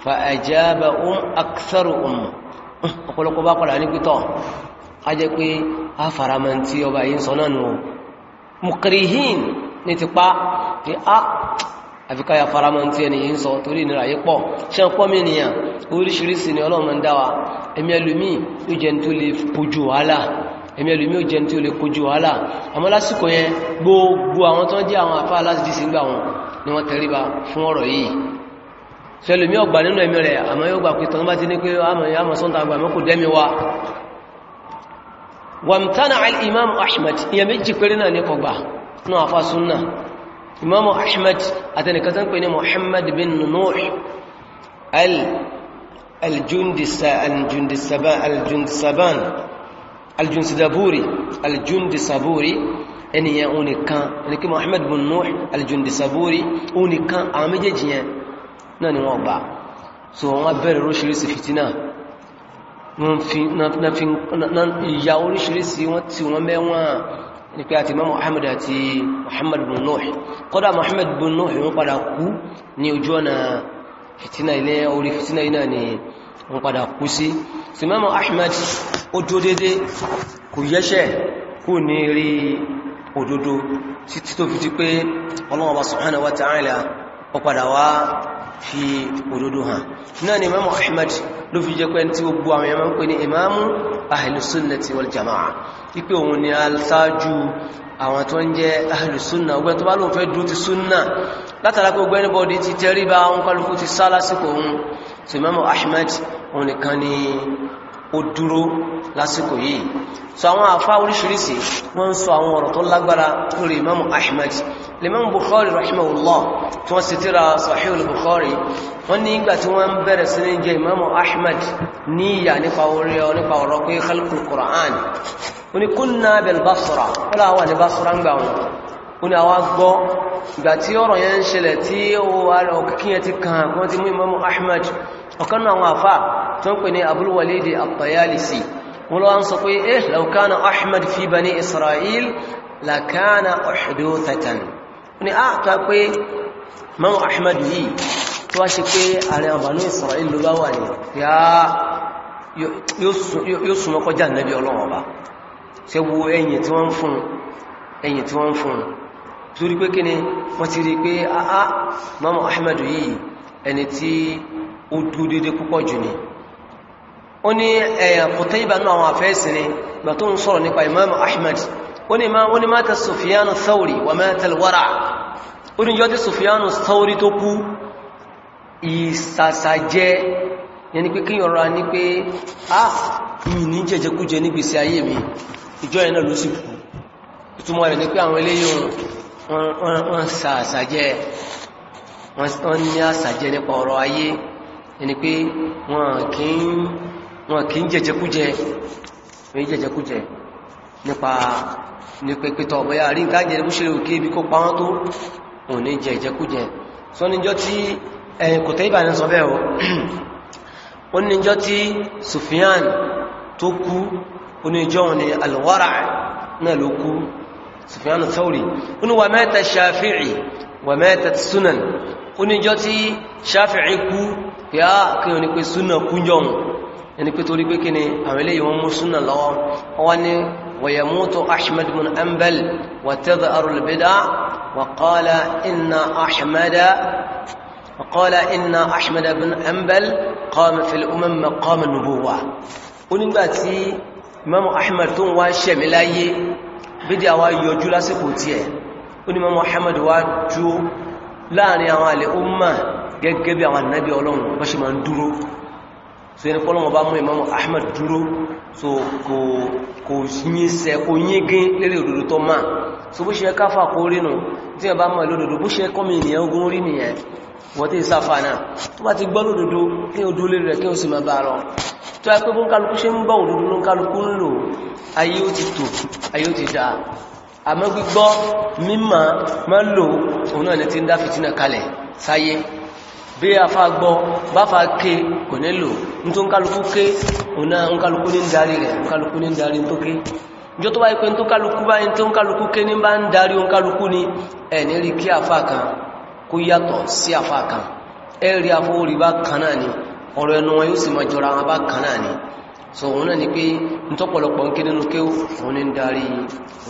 fa ajaba um aktharu um ọ̀pọ̀lọpọ̀ bá padà ní pítọ̀ a jẹ́ pé a faramọ́ tí ọba yìí sọ náà nù mukrihin ní ti pa pé a àfikà ya faramọ́ tí ẹni yìí sọ torí ìnira yìí pọ̀ ṣe ń pọ́mí ènìyàn oríṣiríṣi ni ọlọ́mọ ń dáwà ẹ̀mí ẹlòmí ó jẹ́ tó lè kojú wàhálà ẹ̀mí sẹlùmí ọgbà nínú ẹ̀mí rẹ̀ àmọ́ yóò gbà pé tọ́nbá ti ní pé àmọ́ ah, sọ́ntà àgbà mọ́kù dẹ́mi wa wàmtánà al-imam ahmed iya méjì péré náà ní kọgbà náà afá súnnà imam ahmed àtẹnikatan pé ní muhammad bin nuh al-jundisaban al-jundisaburi al-jundisaburi ẹniyàn unikan ẹni kí muhammad bin nuh al-jundisaburi unikan àwọn méjèèjì yẹn náà ni wọ́n gbà so wọ́n bẹ̀rẹ̀ oríṣiríṣi fìtínà ìyà oríṣiríṣi wọ́n tí wọ́n mẹ́wọ́n ní pé àti mọ́mọ̀ Ahmad àti Muhammad bin Nuh kọ́dá Muhammad bin Nuh wọ́n padà kú ní ojú ọ̀nà fìtínà ilẹ̀ orí fìtínà iná ni wọ́n padà kú sí sí mọ́mọ̀ Ahmad ó dúró dédé kò yẹ́ṣẹ́ kú ní rí òdodo títí tó fi ti pé Ọlọ́hun Subhanahu wa ta'ala ó padà wá fi òdodo hàn náà ni imamu ahmed ló fi jẹ́ pé tí gbogbo àwọn ẹ̀mọ́ ń pè ní imamu ahìlùsúnnàtí wal jama'a ipé òun ni aláṣáájú àwọn tó ń jẹ́ ahìlùsúnnà ọgbẹ́ tó bá lóun fẹ́ dúró ti súnnà látara pé níbọ̀dí ti tẹríba òun ó dúró lásìkò yìí so àwọn àfá oríṣiríṣi wọ́n ń sọ àwọn ọ̀rọ̀ tó lágbára lórí imam ahmed imam bukhari rahimahullah tí wọ́n sì tíra sahih al-bukhari wọ́n ní ìgbà tí wọ́n bẹ̀rẹ̀ sí ní jẹ imam ahmed ní ìyà nípa orí ọ nípa ọ̀rọ̀ pé khalqul quran wọ́n ní kunna bil wọ́n láwọn ní basra ń gbà wọn wọ́n ní àwọn gbọ́ ìgbà tí ọ̀rọ̀ yẹn ń ṣẹlẹ̀ tí ó wà lọ kíyẹn ti kàn wọ́n ti mú imam ahmed ọ̀kan náà àwọn àfá tó ń pè ní Abul Walid at-Tayalisi wọ́n lọ́wọ́ ń sọ pé eh law kana Ahmad fi bani Isra'il la kana uhduthatan ni ah, a tó pé mọ́mù Ahmad yìí tó wá ṣe pé ààrẹ àbánú Isra'il ló bá wà ní ó dúró dédé púpọ̀ jù ní ó ní ẹ̀yàn kòtẹ́ ìbànú àwọn àfẹ́sì ni gbà tó ń sọ̀rọ̀ nípa imam ahmed ó ní ma ó ní máta sufiyanu thauri wa máta alwara ó ní yọ́dí sufiyanu thauri tó kú ìsàsàjẹ́ yẹni pé kíyàn ní pé a yìí ní jẹjẹkújẹ nígbèsí ayé mi ìjọ ẹ̀ náà ló sì kú ìtumọ̀ rẹ̀ ní pé àwọn eléyìn wọn sàsàjẹ́ wọn ní àsàjẹ́ nípa ọ̀rọ̀ ayé ẹni pé wọn kì í jẹjẹkújẹ wọn kì í jẹjẹkújẹ nípa ní pẹ̀pẹ̀tọ̀ bóyá rí nǹkan jẹ́ ìbúṣe òkè ibi kó pa wọ́n tó òun ní jẹ ìjẹkújẹ sọ níjọ́ tí ẹ̀yìn kò tẹ́ ìbànú sọ bẹ́ẹ̀ ó níjọ́ tí Sufyan tó kú oníjọ́ ni alwara náà ló kú Sufyan oníjọ́ tí Ṣáfi'í kú pé á ah, kí o ní pé súnà kúnjọun ẹni pé torí pé kí ni àwọn ilé ìwọ̀n mú súnà lọ́wọ́ wọ́n ni ويموت أحمد بن أنبل وتظهر البدع وقال إن أحمد وقال إن أحمد بن أنبل قام في الأمم onígbàtí Imam Ahmad tó ń wá ṣẹ̀mí láyé bídí àwá yọjú lásìkò tí ẹ̀ onímọ̀ Ahmad wá dúó láàrin àwọn àlè ó mà gẹ́gẹ́ bí àwọn ànábí ọlọ́run bó ṣe máa ń dúró so ẹni pọ́lọ́wọ́ bá mú Imam Ahmad dúró so kò yínsẹ̀ kò yíngín lérí òdòdó tó máa so bó ṣe káfà kó rí nù tí wọ́n bá mọ̀ lódòdó bó ṣe kọ́mì ènìyàn ogun rí nìyẹn wọ́n tí sáfà náà tó bá ti gbọ́ lódòdó kí o dúró lérí rẹ̀ kí o sì máa bá lọ tó yẹ pé bó ń kálukú ṣe ń bọ̀ òdòdó ló ń kálukú ń lò ayé ó ti tò ayé ó ti dáa àmọ́ gbígbọ́ mímọ̀ mọ́ lò òun náà ni ti ń dá fìtínà kalẹ̀ sáyé bí a fa gbọ́ bá fa ké kò ní lò ní tó ń kálukú ké òun náà ń kálukú ní ń darí rẹ̀ ń kálukú ní ń darí tó ké ìjọ tó bá ipé tó kálukú bá ní tó ń kálukú ké ní bá ń darí òun kálukú ni ẹ̀ ní rí kí àfa kan kó yàtọ̀ sí àfa kan ẹ̀ rí afọ́ orí bá kan náà ni ọ̀rọ̀ ẹnu wọn yóò sì máa jọra wọn bá kan náà ni so òun náà ni pé ntọ́pọ̀lọpọ̀ ń ké nínú ké òun ní darí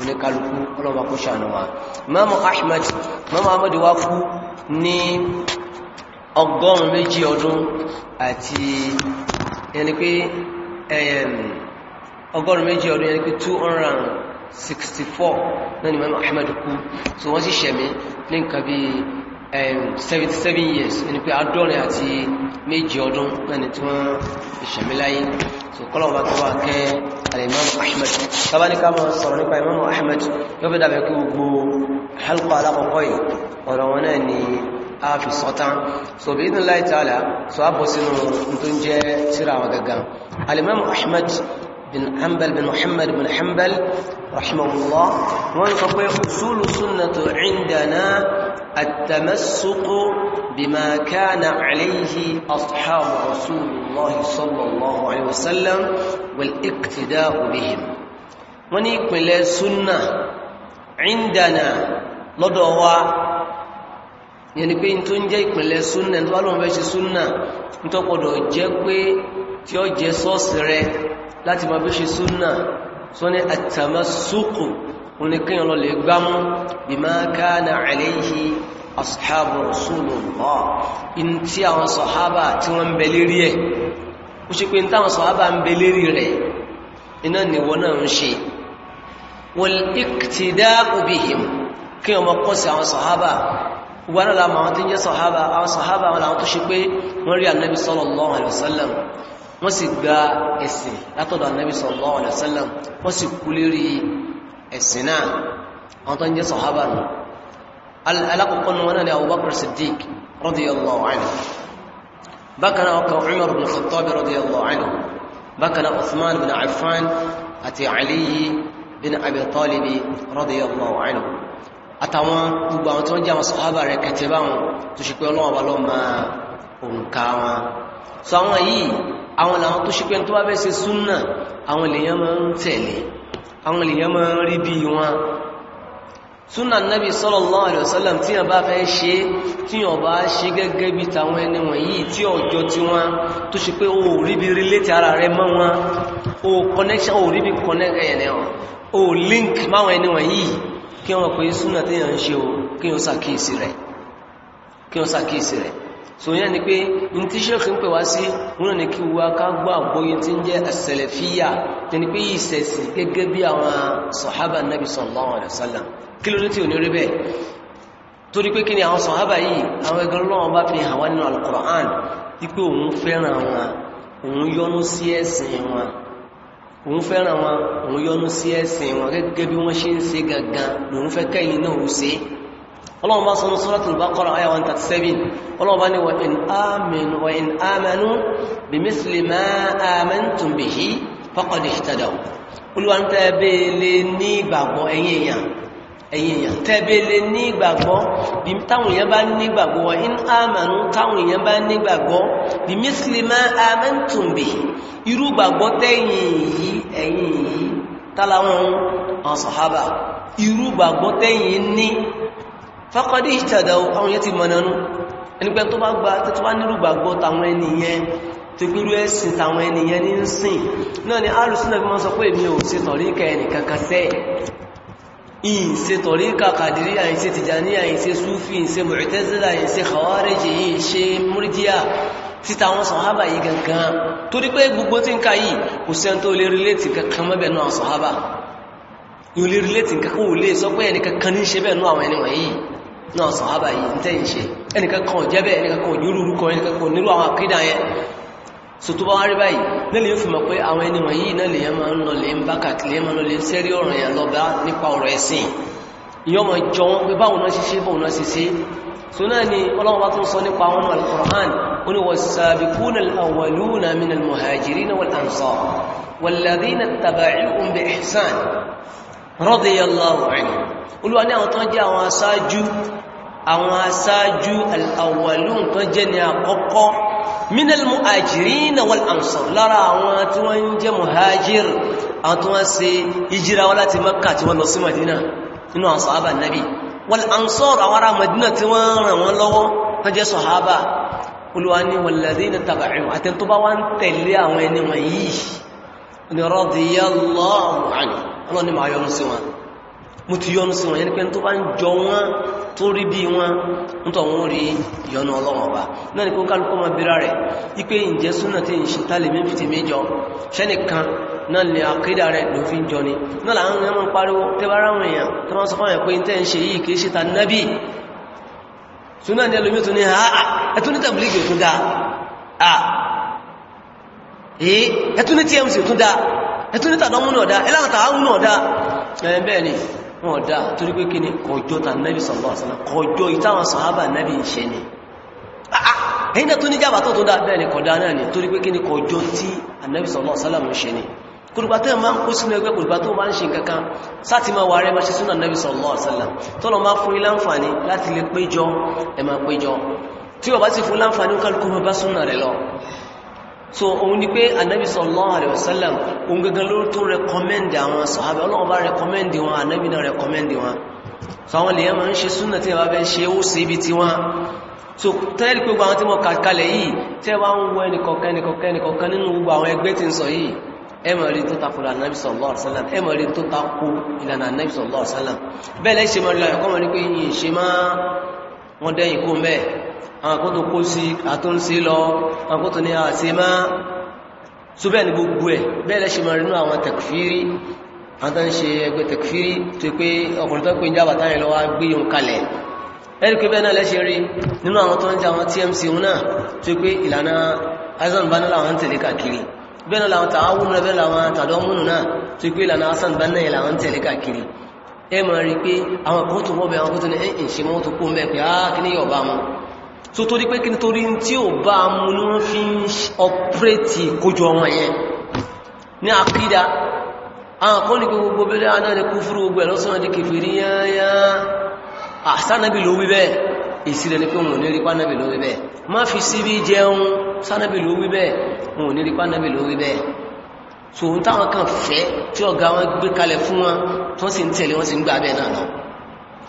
oníkálukú ọlọ́mà kó ṣàánú wa mọ́mọ́ ahmed mọ́mọ́ ahmed wá kú ní ọgọ́rùn méjì ọdún àti yẹni pé ọgọ́rùn méjì ọdún yẹni pé 264 náà ni mọ́mọ́ ahmed kú so wọ́n sì ṣẹ̀mí ní nǹkan bíi Um, seventy seven years ẹni pé àádọ́rin àti méje ọdún ẹni tí wọ́n ìṣẹ̀míláyé tó kọ́lọ̀ bá tó wà kẹ́ alimami ahmed tabaníkà máa sọ̀rọ̀ nípa imam ahmed yóò fi dàbẹ̀ kí gbogbo halqa alákọ̀ọ́kọ́ yìí ọ̀rọ̀ wọn náà ni a fi sọ́tán so bí idhni Allahi ta'ala so a bọ̀ sínú tó ń jẹ́ síra àwọn gangan alimami ahmed bin hanbal bin muhammad bin hanbal rahimahullah wọ́n sọ pé usulu sunnatu indana التمسك بما كان عليه أصحاب رسول الله صلى الله عليه وسلم والاقتداء بهم كل سنة عندنا لدوا yẹni pé n tó ń jẹ́ ìpìnlẹ̀ súnà tó bá lóun fẹ́ ṣe súnà n tó gbọ́dọ̀ jẹ́ pé tí ó jẹ́ sọ́ọ̀sì rẹ láti máa fi ṣe súnà sọ ní àtàmásùkù wọn ni kíyàn lọ lè gbámú bima kana alayhi ashabu rasulullah in tí àwọn sọ̀hábà tí wọ́n ń bẹ lérí ẹ̀ ó ṣe pé táwọn sọ̀hábà ń bẹ lérí rẹ̀ iná nìwọ náà ń ṣe wal iktida'u bihim kíyàn mọ́ kọ́ sí àwọn sọ̀hábà wọn la ma wọn tí ń jẹ́ sọ̀hábà àwọn wọ́n sì gba ẹ̀sìn látọ̀dọ̀ ànábì sallallahu alaihi wasallam wọ́n sì kú lérí ẹ̀sìn náà wọ́n tó ń jẹ́ sọ̀hábà nù alákọ̀ọ́kọ́ ni wọ́n náà ni Abubakar Siddiq radiyallahu anhu bákan náà ọkọ̀ Umar bin Khattab radiyallahu anhu bákan náà Uthman bin Affan àti Ali bin Abi Talib radiyallahu anhu àtàwọn gbogbo àwọn tó ń jẹ́ àwọn sọ̀hábà rẹ̀ kẹtẹ báwọn tó ṣe pé ọlọ́wọ́ bá máa òǹkà wọn so àwọn yìí àwọn làwọn tó ṣe pé tó bá bẹ́ ṣe súnà àwọn lèèyàn máa ń tẹ̀lé àwọn èèyàn máa ń rí bí wọn súnà nábi sallallahu alaihi wasallam tí yàn bá fẹ́ ṣe tí yàn bá ṣe gẹ́gẹ́ bí tàwọn ẹni wọ̀nyí tí ọjọ́ tí wọ́n tó ṣe pé o rí bí relate ara rẹ mọ́ wọn o connection o rí bí connect ẹ̀yẹ̀nẹ̀ o link máwọn ẹni wọ̀nyí kí wọ́n pè súnà tí yàn ń ṣe o kí wọ́n so yẹn ni pé n tí sẹ́ẹ̀kì ń pè wá sí wọn ni kí wá ká gbọ́ àgbóyé tí ń jẹ́ as-salafiyya tó ní pé ìṣẹ̀sì gẹ́gẹ́ bí àwọn sàhábà nàbì tí ò pé ni àwọn yìí àwọn al-Qur'an wípé òun fẹ́ràn wọn òun yọ́nú sí ẹ̀sìn wọn òun fẹ́ràn wọn òun yọ́nú sí ẹ̀sìn wọn gẹ́gẹ́ bí wọ́n ṣe ń ṣe ọlọ́run bá sọ ní suratul Baqara àyà 137 ọlọ́run bá ní wa in amanu wa in amanu bimithli ma amantum bihi faqad ihtadaw olúwa ń tẹ́bẹ̀ẹ́lẹ́ ní ìgbàgbọ́ ẹ̀yin èèyàn ẹ̀yin èèyàn tẹ́bẹ̀ẹ́lẹ́ ní ìgbàgbọ́ bí táwọn èèyàn bá nígbàgbọ́ wa in amanu faqad ihtadaw àwọn yẹn ti mọ̀nánú ẹnipẹ́ tó bá gba tó bá nírú gbàgbọ́ tàwọn ẹniyẹn tó gbírú ẹ̀sìn tàwọn ẹniyẹn ní sìn náà ni alùsùnà fi mọ́ sọ pé èmi ò ṣe tọ̀ríkà ẹnìkankanṣẹ́ ìyìn ṣe tọ̀ríkà kàdìrí àyìn ṣe tìjàníyà àyìn ṣe súfì àyìn ṣe mu'tazila àyìn ṣe khawarij yìí ṣe múrídíà títa àwọn sọ̀hábà yìí gangan torí pé gbogbo tí ń ka yìí kò sẹ́ni tó yóò lè rílétì kankan ò lè sọ pé ẹnìkankan ní ṣe bẹ́ẹ̀ àwọn ẹni wọ̀nyí náà sàhábà yìí ń tẹ́yìn ṣe ẹnìkan kan jẹ́ bẹ́ẹ̀ ẹnìkan kan ní orúkọ ẹnìkan kan nílò àwọn àkídà yẹn so tó bá wá rí báyìí náà lè fi mọ̀ pé àwọn ẹni wọ̀nyí náà lè máa ń lọ lè ń bá kàkìlẹ̀ máa ń lọ lè sẹ́rí ọ̀rọ̀ yẹn lọ́ba nípa ọ̀rọ̀ ẹ̀sìn ìyọ́ mọ̀ jọ wọn pé báwọn náà ṣiṣẹ́ ní olúwa ní àwọn tó jẹ́ àwọn aṣáájú àwọn aṣáájú al-awwalun tó jẹ́ ní àkọ́kọ́ minal muhajirin wal ansar lára àwọn tí wọ́n ń jẹ́ muhajir àwọn tí wọ́n ṣe ìjìra wọn láti Makka tí wọ́n lọ sí Madina nínú àwọn sahaba nabi wal ansar àwọn ará Madina tí wọ́n ràn wọ́n lọ́wọ́ tó jẹ́ sahaba olúwa ní walladhina taba'u àtẹ́ tó bá wá tẹ̀lé àwọn ẹni wọ̀nyí ni radiyallahu anhu ọlọ́ni máa yọ́nú sí wọn mo ti yọnu sí wọn yẹn pé tó bá ń jọ wọn tó rí bí wọn ń tọ̀ wọ́n rí ọba náà ni kó kálukú máa bíra rẹ̀ wípé ǹjẹ́ súnà tí ń ṣe tálẹ̀ mí fìtì mí jọ ṣẹ́nìkan náà lè àkídà rẹ̀ ló fi ń jọ ni náà làwọn èèyàn máa ń pariwo tẹ́bára àwọn èèyàn tó máa ń sọ fáwọn ta nábì súnà ní ẹlòmí tó ní ha ẹtún ní ẹtún ní tmc ẹtún ní náà wọn dá torí pé kí ni kọjọ́ ta nẹ́bí sallallahu alaihi wasallam kọjọ́ ìtàwọn sàhábà nẹ́bí ń ṣe ni ah, ah, ẹ̀yìn tó ní tó tó dá bẹ́ẹ̀ ni kọ̀dá náà ni torí pé kí ni kọjọ́ tí anẹ́bí sallallahu alaihi wasallam ń ṣe ni kùrùgbà tó máa ń kó sínú ẹgbẹ́ kùrùgbà tó máa ń ṣe nǹkankan sáti máa wà rẹ máa ṣe nẹ́bí sallallahu alaihi wasallam tọ́lọ máa fún ilá ǹfààní láti so òun ni pé anabi sallallahu alaihi wasallam sallam òun gangan ló tó recommend àwọn sàhábà ọlọ́run bá recommend wọn anabi náà recommend wọn so àwọn lèyàn máa ń ṣe súnà tí wọ́n bá ṣe ó sí ibi tí wọ́n so tẹ́lẹ̀ pé gbogbo àwọn tí mo kà kalẹ̀ yìí tẹ́ wá ń wọ ẹnìkọ̀ọ̀kan ẹnìkọ̀ọ̀kan ẹnìkọ̀ọ̀kan nínú gbogbo àwọn ẹgbẹ́ tí ń sallallahu alaihi wasallam ẹmọ̀rí tó takò ìlànà ànábì sallallahu alaihi wasallam bẹ́ẹ̀ lẹ́ ṣe mọ̀ lọ ẹ̀kọ́ àwọn kan tó kó sí àtúnṣe lọ àwọn kan tó ní àṣẹ má tó bẹ́ẹ̀ ni gbogbo ẹ̀ bẹ́ẹ̀ lẹ́ṣe máa rínú àwọn tẹ̀kfírí àwọn tó ń ṣe ẹgbẹ́ tẹ̀kfírí tó pé ọkùnrin tó pé jábà táyẹ̀ lọ́wọ́ gbé yóò kalẹ̀ ẹ̀rí pé bẹ́ẹ̀ rí TMC òun náà tó pé ìlànà azan bá nílò àwọn ń tẹ̀lé káàkiri bẹ́ẹ̀ náà làwọn tàwọn wúnú bẹ́ẹ̀ làwọn tàdọ́múnù náà tó pé ìlànà azan bá náà làwọn ń tẹ̀lé káàkiri ẹ máa rí pé àwọn kóòtù wọ́n bẹ àwọn kóòtù ní ẹ̀ǹṣẹ́ mọ́tò kó mẹ́ pé á ní yọ̀ bá so torí pé kí ni torí tí ò bá mú ní wọ́n fi ń ọpẹ́tì kójọ wọn yẹn ní àkídà àwọn kan ní gbogbo bẹ́lẹ̀ adáni kú fúrú gbogbo ẹ̀rọ sọ́nà di kèfèrí yáyá àsánábì ló wí bẹ́ẹ̀ èsì rẹ̀ ni pé wọn ò ní rí pánábì ló wí bẹ́ẹ̀ má fi síbí jẹun sánábì ló wí bẹ́ẹ̀ wọn ò ní rí pánábì ló wí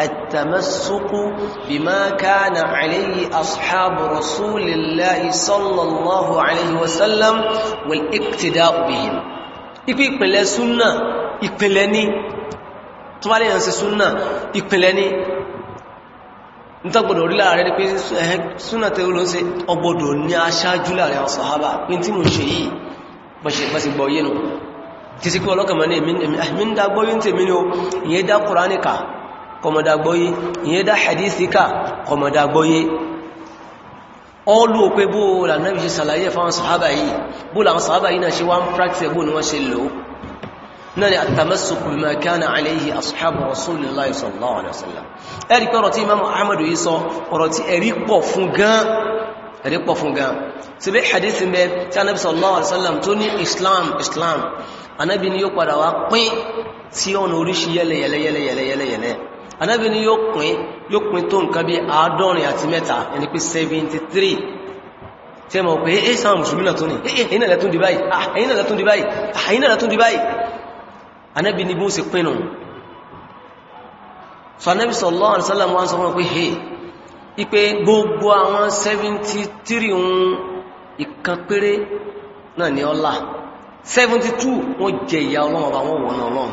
التمسك بما كان عليه أصحاب رسول الله صلى الله عليه وسلم والاقتداء بهم ìpìlẹ̀ السنة، ìpìlẹ̀ ní tó bá lè yàn sí súnnà ìpìlẹ̀ ní nítọ́gbọ̀dọ̀ orílẹ̀ ààrẹ ní pé súnnà tẹ́ olóò sí ọgbọ̀dọ̀ ní aṣáájú láàrin àwọn sàhábà pín tí mo ṣe yìí bọ́ṣẹ̀gbọ́ yẹnu títí kí ọlọ́kàmọ́ ní èmi ń dá gbọ́yún tèmi ní o ìyẹn dá kùránìkà kọmọdà gbọ́yé ìyẹn dá hadithika kọmọdà gbọ́yé ọlú òpé bó lànàbí ṣe sàlàyé fáwọn sàhábà yìí bó làwọn sàhábà yìí náà ṣe wá ń practice bó ni wọ́n ṣe lò náà ni àtàmẹ́sùkù bima kana alayhi ashabu rasulillahi sallallahu alaihi wasallam ẹ̀rí pé ọ̀rọ̀ tí imam ahmadu yìí sọ ọ̀rọ̀ tí ẹ̀rí pọ̀ fún gan ẹ̀rí pọ̀ fún gan tí bí hadith mẹ́ ọ̀nà oríṣi anábì ni yóò pín yóò pín tó nǹkan bí àádọ́rin àti mẹ́ta ẹni pé 73 tí ẹmọ̀ pé èé sáwọn mùsùlùmí náà tó ní èyí náà lẹ́tún di báyìí èyí ah, náà lẹ́tún di báyìí èyí ah, náà lẹ́tún di báyìí anábì ni bó ṣe pinnu so anábì sallallahu alaihi wasallam sọ wọn pé he ipe gbogbo àwọn 73 ohun ìkan péré náà ni ọlá 72 wọn jẹ ìyá ọlọ́run ọba wọn wọ̀n ọlọ́run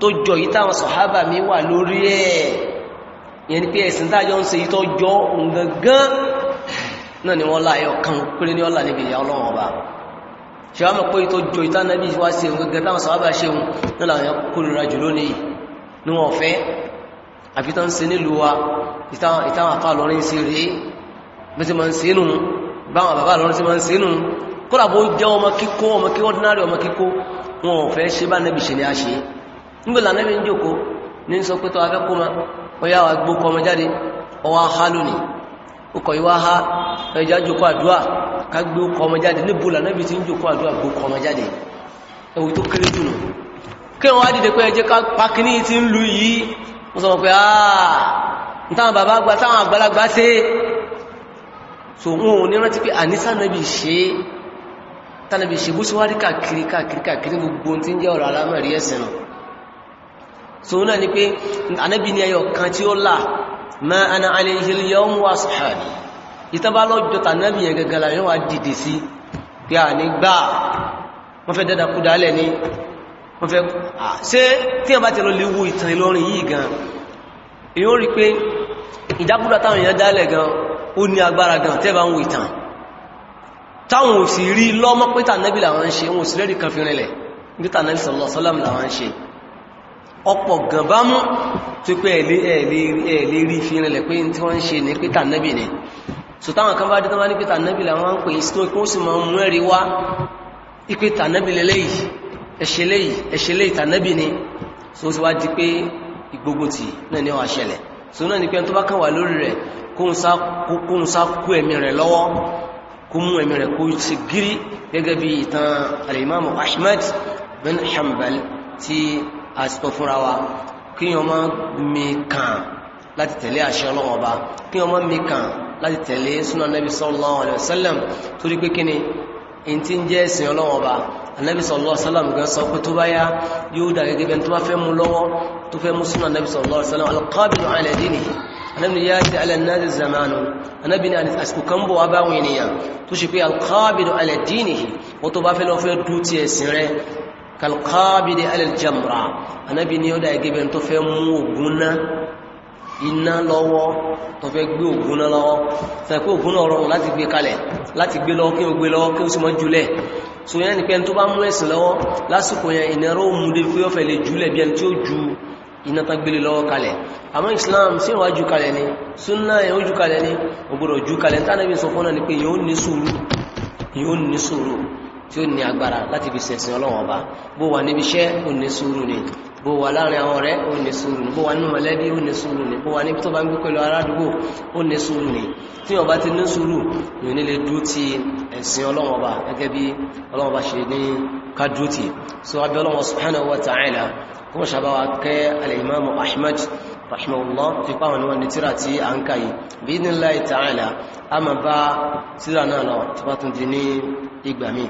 tó jọ yìí táwọn sọ̀hábà mi wà lórí ẹ̀ ìyẹn ni pé ẹ̀sìn tájọ́ ń ṣe yìí tó jọ ǹgangan náà ni wọ́n láyọ̀ kan péré ní ọ̀là níbi ìyá ọlọ́run ọba ṣe wá mọ̀ pé tó jọ yìí tánàbí wá ṣe ǹgangan táwọn sọ̀hábà ṣe ń náà làwọn yẹn kórìíra jù lónìí ni wọ́n fẹ́ àfi tán ṣe nílùú wa ìtàwọn àfa lọrin sí rèé bí ti máa ń sínú báwọn ọmọ kíkó wọn ò fẹ́ ṣe bá nẹ́bì ṣe ni a ṣe níbo lànà bí ń jòkó ní sọ pé tọ́ afẹ́ kó ma ọya wà gbó kọ jáde ọwá ha lónìí ọkọ̀ ìwá ha ẹja jòkó àdúà ká gbó kọ ọmọ jáde níbo lànà bí ti ń jòkó àdúà gbó kọ ọmọ jáde ẹwù tó kéré jù nù kí wọn á dìde pé ẹjẹ ká pakiní ti ń lu yìí wọ́n sọ wọn pé aaa n táwọn bàbá gba táwọn àgbàlagbà ṣe tánàbí ṣe bó ṣe gbogbo tí ń jẹ́ ọ̀rọ̀ alámọ̀rí ẹ̀sìn náà sọ́nà ni pé anábì ni ẹyọ kan tí ó là ma ana alayhi al-yawm wa ashabi ìtàbá lọ́jọ́ tànábì yẹn gẹ́gẹ́lá yóò wá dìde sí pé à ní gbà wọ́n fẹ́ dada kú dálẹ̀ ní wọ́n fẹ́ ṣe tí wọ́n bá ti lọ lè wo ìtàn Ìlọrin yìí gan èyí rí pé ìdákúdá táwọn èèyàn dálẹ̀ gan ó ní agbára gan tẹ́bà ń wo ìtàn táwọn ò sì rí lọ́mọ́ pé tànábì làwọn ń ṣe wọn ò sì rẹ́rì kan fi rinlẹ̀ ní tànábì làwọn ń ṣe ọ̀pọ̀ gàbámú tó pé ẹ̀lẹ́ rí fi rẹ̀lẹ̀ pé tí wọ́n ń ṣe ní pítà nẹ́bì ni so táwọn kan bá dé tánwà ní pítà nẹ́bì làwọn ń pè ìsìnkú kó sì máa mú ẹ̀rí wá ìpítà nẹ́bì lẹ́yìí ẹ̀ṣẹ̀lẹ̀ ìtànẹ́bì ni so ó sì ni pé tó bá kàn wà lórí rẹ̀ kóhun sá kú ẹ̀mí rẹ̀ lọ́wọ́ bin Hanbal ti àsìkò fúnra wa kí wọ́n má mi kàn láti tẹ̀lé àṣẹ ọlọ́wọ́ ọba kí wọ́n má mi kàn láti tẹ̀lé súnà nẹ́bí sallallahu alaihi wasallam torí pé kí ni in ti ń jẹ́ ẹ̀sìn ọlọ́wọ́ ọba anabi zamanu anabi ni kan bọ̀ wá báwọn ènìyàn tó ṣe pé alqabilu ala wọ́n tó bá fẹ́ lọ́ fẹ́ dú ẹ̀sìn rẹ̀ kalqabidi alaljamra anabi ni ó dá ẹgẹ́ bẹni tó fẹ́ mú ògùn náà iná lọ́wọ́ tó fẹ́ gbé ògùn náà lọ́wọ́ sẹ́kú ògùn náà rọrùn láti gbé kalẹ̀ láti gbé lọ́wọ́ kí o gbé lọ́wọ́ kí o sì mọ́ jùlẹ̀ so yẹn ni pé ẹni tó bá mú ẹ̀sìn lọ́wọ́ lásìkò yẹn ìnira ó mú dé fí ó fẹ́ lè jùlẹ̀ bí ẹni tí ó ju iná tán gbélé lọ́wọ́ kalẹ̀ àmọ́ Islam sí ìwà jù kalẹ̀ ni súnná ẹ̀ ó jù kalẹ̀ ni ògbòrò jù kalẹ̀ tánàbí sọ fún náà ni pé yóò ní sùúrù yóò ní sùúrù tí ó ní agbára láti fi sẹ̀sìn ọlọ́wọ́n ọba bó wà níbi iṣẹ́ ó ní sùúrù ni bó wà láàrin àwọn ọ̀rẹ́ ó ní sùúrù ni bó wà nínú mọ̀lẹ́bí ó ní sùúrù ni bó wà níbi tó bá ń gbé pẹ̀lú aládùúgbò ó ní sùúrù ni tí ọba ti ní sùúrù yóò nílé dúró ti ẹ̀sìn ọlọ́wọ́n ọba gẹ́gẹ́ bí ọlọ́wọ́n ọba ṣe ní kádúró ti so abẹ́ ọlọ́wọ́n subhanahu wa ta'ala kó mọ̀ ṣàbá kẹ́ al-imamu ahmed rahimahullah fi pa àwọn ní tíra tí a ń kàyí bí ní láì ta'ala a máa bá tíra náà lọ tó bá tún di ní ìgbà míì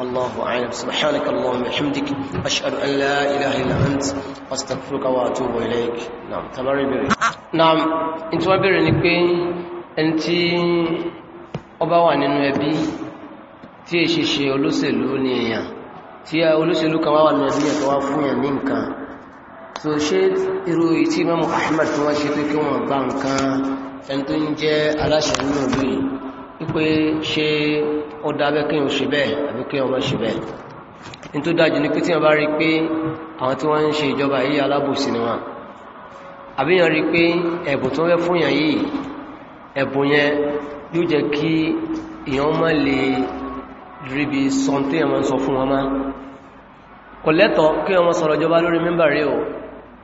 والله أعلم سبحانك اللهم وبحمدك أشهد أن لا إله إلا أنت أستغفرك وأتوب إليك نعم تماري بيري نعم أنت ما بيري نكوي أنت ọba wà nínú ẹbí tí è ṣe ṣe olóṣèlú ní èèyàn tí olóṣèlú kan wá wà nínú ẹbí ẹ̀kọ́ wá fún èèyàn ní nǹkan so ṣé irú ìtí Imam Ahmad tó wá ṣe pé kí wọ́n gba nǹkan ẹni tó ń jẹ́ aláṣẹ nínú ìlú yìí wípé ṣe ó dábẹ́ kí n ò ṣe bẹ́ẹ̀ àbí kí ọmọ ṣe bẹ́ẹ̀ ní tó dájú ní pé tí wọ́n bá rí pé àwọn tí wọ́n ń ṣe ìjọba yìí alábòsí ni wọ́n àbí yàn rí pé ẹ̀bùn tó fẹ́ fún yìí ẹ̀bùn yẹn yóò jẹ́ kí èèyàn má lè ríbi sọ́n tí sọ fún wọn má kò lẹ́tọ̀ kí wọ́n sọ̀rọ̀ ìjọba lórí mẹ́mbà o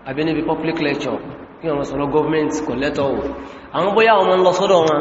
àbí níbi public lecture kí wọ́n sọ̀rọ̀ government kò lẹ́tọ̀ o àwọn bóyá wọn lọ sọ́dọ̀ wọn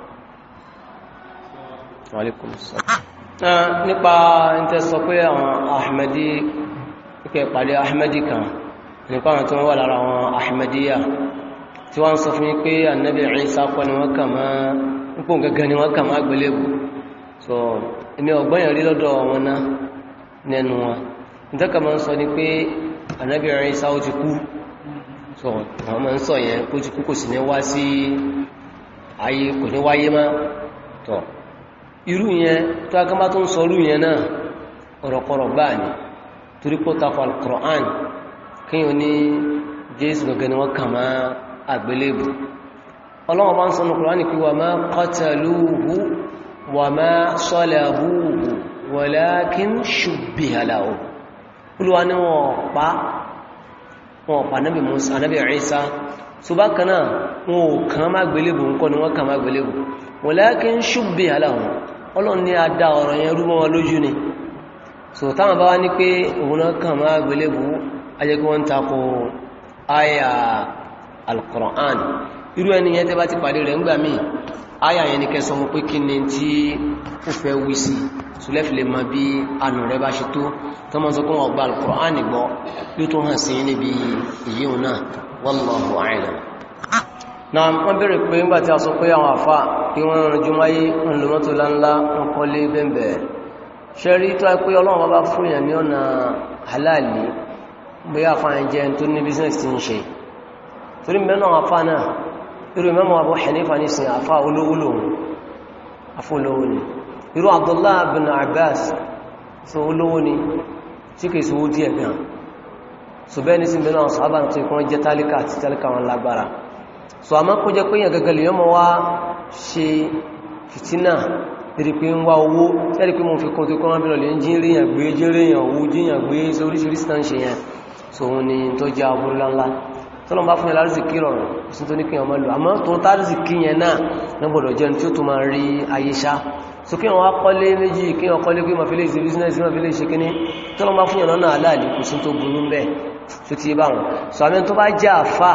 Alaikum assalam ah, ah, nípa ìtẹ́ kpali pé àwọn ahmadi ìkẹ́ ìpàdé ahmadi kan nípa àwọn tó wà lára àwọn ahmadiya tí wọ́n sọ fún pé annabi Isa kọ́ ni wọ́n kà gẹ́gẹ́ ni wọ́n kà so èmi ọ̀gbọ́n yẹn rí lọ́dọ̀ wọn nẹnu wọn ni irú yẹn tó agbámá tó ń sọ irú yẹn náà ọ̀rọ̀kọ̀rọ̀ báà ní torí pọ́ tako al-Qur'an kí yíò ní jésù gẹ́gẹ́ ni wọ́n kà máa àgbélébù ọlọ́wọ́ bá ń sọ nùkùrán ní pé wa ma qataluhu wa ma salabuhu walakin shubbiha lahu olúwa ní wọn pa wọn pa anábì Musa anábì Isa so bákan náà wọn ò walakin shubbiha lahum ọlọ́run ní adá ọ̀rọ̀ yẹn rú wọn lójú ni so táwọn bá wá ní pé òun náà kàn máa gbélébù ajẹ́kí wọ́n takò àyà al-Qur'an irú ẹni yẹn tẹ́ bá ti pàdé rẹ̀ ńgbà míì àyà yẹn ni kẹsàn mú na wọ́n bèèrè pé ń gbà tí a sọ pé àwọn àfá kí wọ́n rìn jù máyé ń lò mọ́tò láńlá ń kọ́lé bẹ́ẹ̀bẹ̀ ṣe rí tó pé ọlọ́run bá fún ní ọ̀nà halali bí àfá ń jẹ tó ní business ti ń ṣe torí mẹ́nà àfá náà irú mẹ́mọ́ Abu Hanifa ní sin àfá Abdullah bin Abbas so olówó ni tí kìí sọ owó díẹ̀ gan so bẹ́ẹ̀ ní sin mẹ́nà so a máa kó jẹ pé yàn gẹ́gẹ́ lè yọ́mọ̀ wá ṣe fìtínà tẹ́rì pé ń wá owó tẹ́rì pé mo fi kún tó kọ́ rábìnà lè ń jí ríyàn gbé jí ríyàn owó jíyàn gbé sí oríṣiríṣi tán yàn so òun ni tó jẹ́ aburú láńlá tọ́lọ́n bá fún yàn lárísì kí so kí wọ́n kọ́lé méjì kí wọ́n kọ́lé pé ma fi lè ṣe business ma fi lè ṣe kíní tọ́lọ́n bá fún yàn náà sí tó burú bẹ́ẹ̀ tó ti bá wọn so àmì tó bá jẹ́ àfáà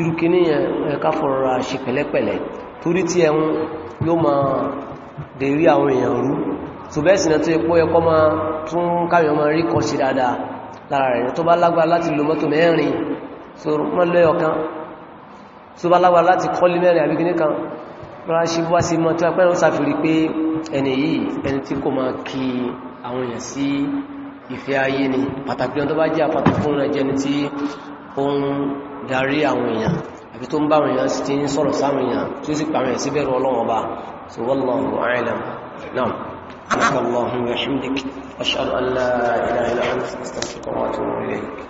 irukini ẹ̀ka fọ̀rọ̀ ṣe pẹ̀lẹ́pẹ̀lẹ́ torí tí ẹ̀hún yóò ma dèrí àwọn èèyàn rú tó bẹ́ẹ̀ sínà tó epo ẹkọ́ ma tún káyọ̀ ma rí kọ́ sí dáadáa lára rẹ̀ tó bá lágbà láti lo mọ́tò mẹ́rin tó mọ́ lẹ́yọ̀kan tó bá lágbà láti kọ́lé mẹ́rin àbí kíní kan rárá ṣe wá sí mọ́ tó ẹpẹ́ darí àwọn èèyàn àbí tó ń bá àwọn èèyàn ti ń sọ̀rọ̀ sáwọn èèyàn tí ó sì pàmì sí bẹ̀rù ọlọ́wọ́n ọba so wallahu a'lam náà اللهم وبحمدك لا إله إلا أنت أستغفرك وأتوب إليك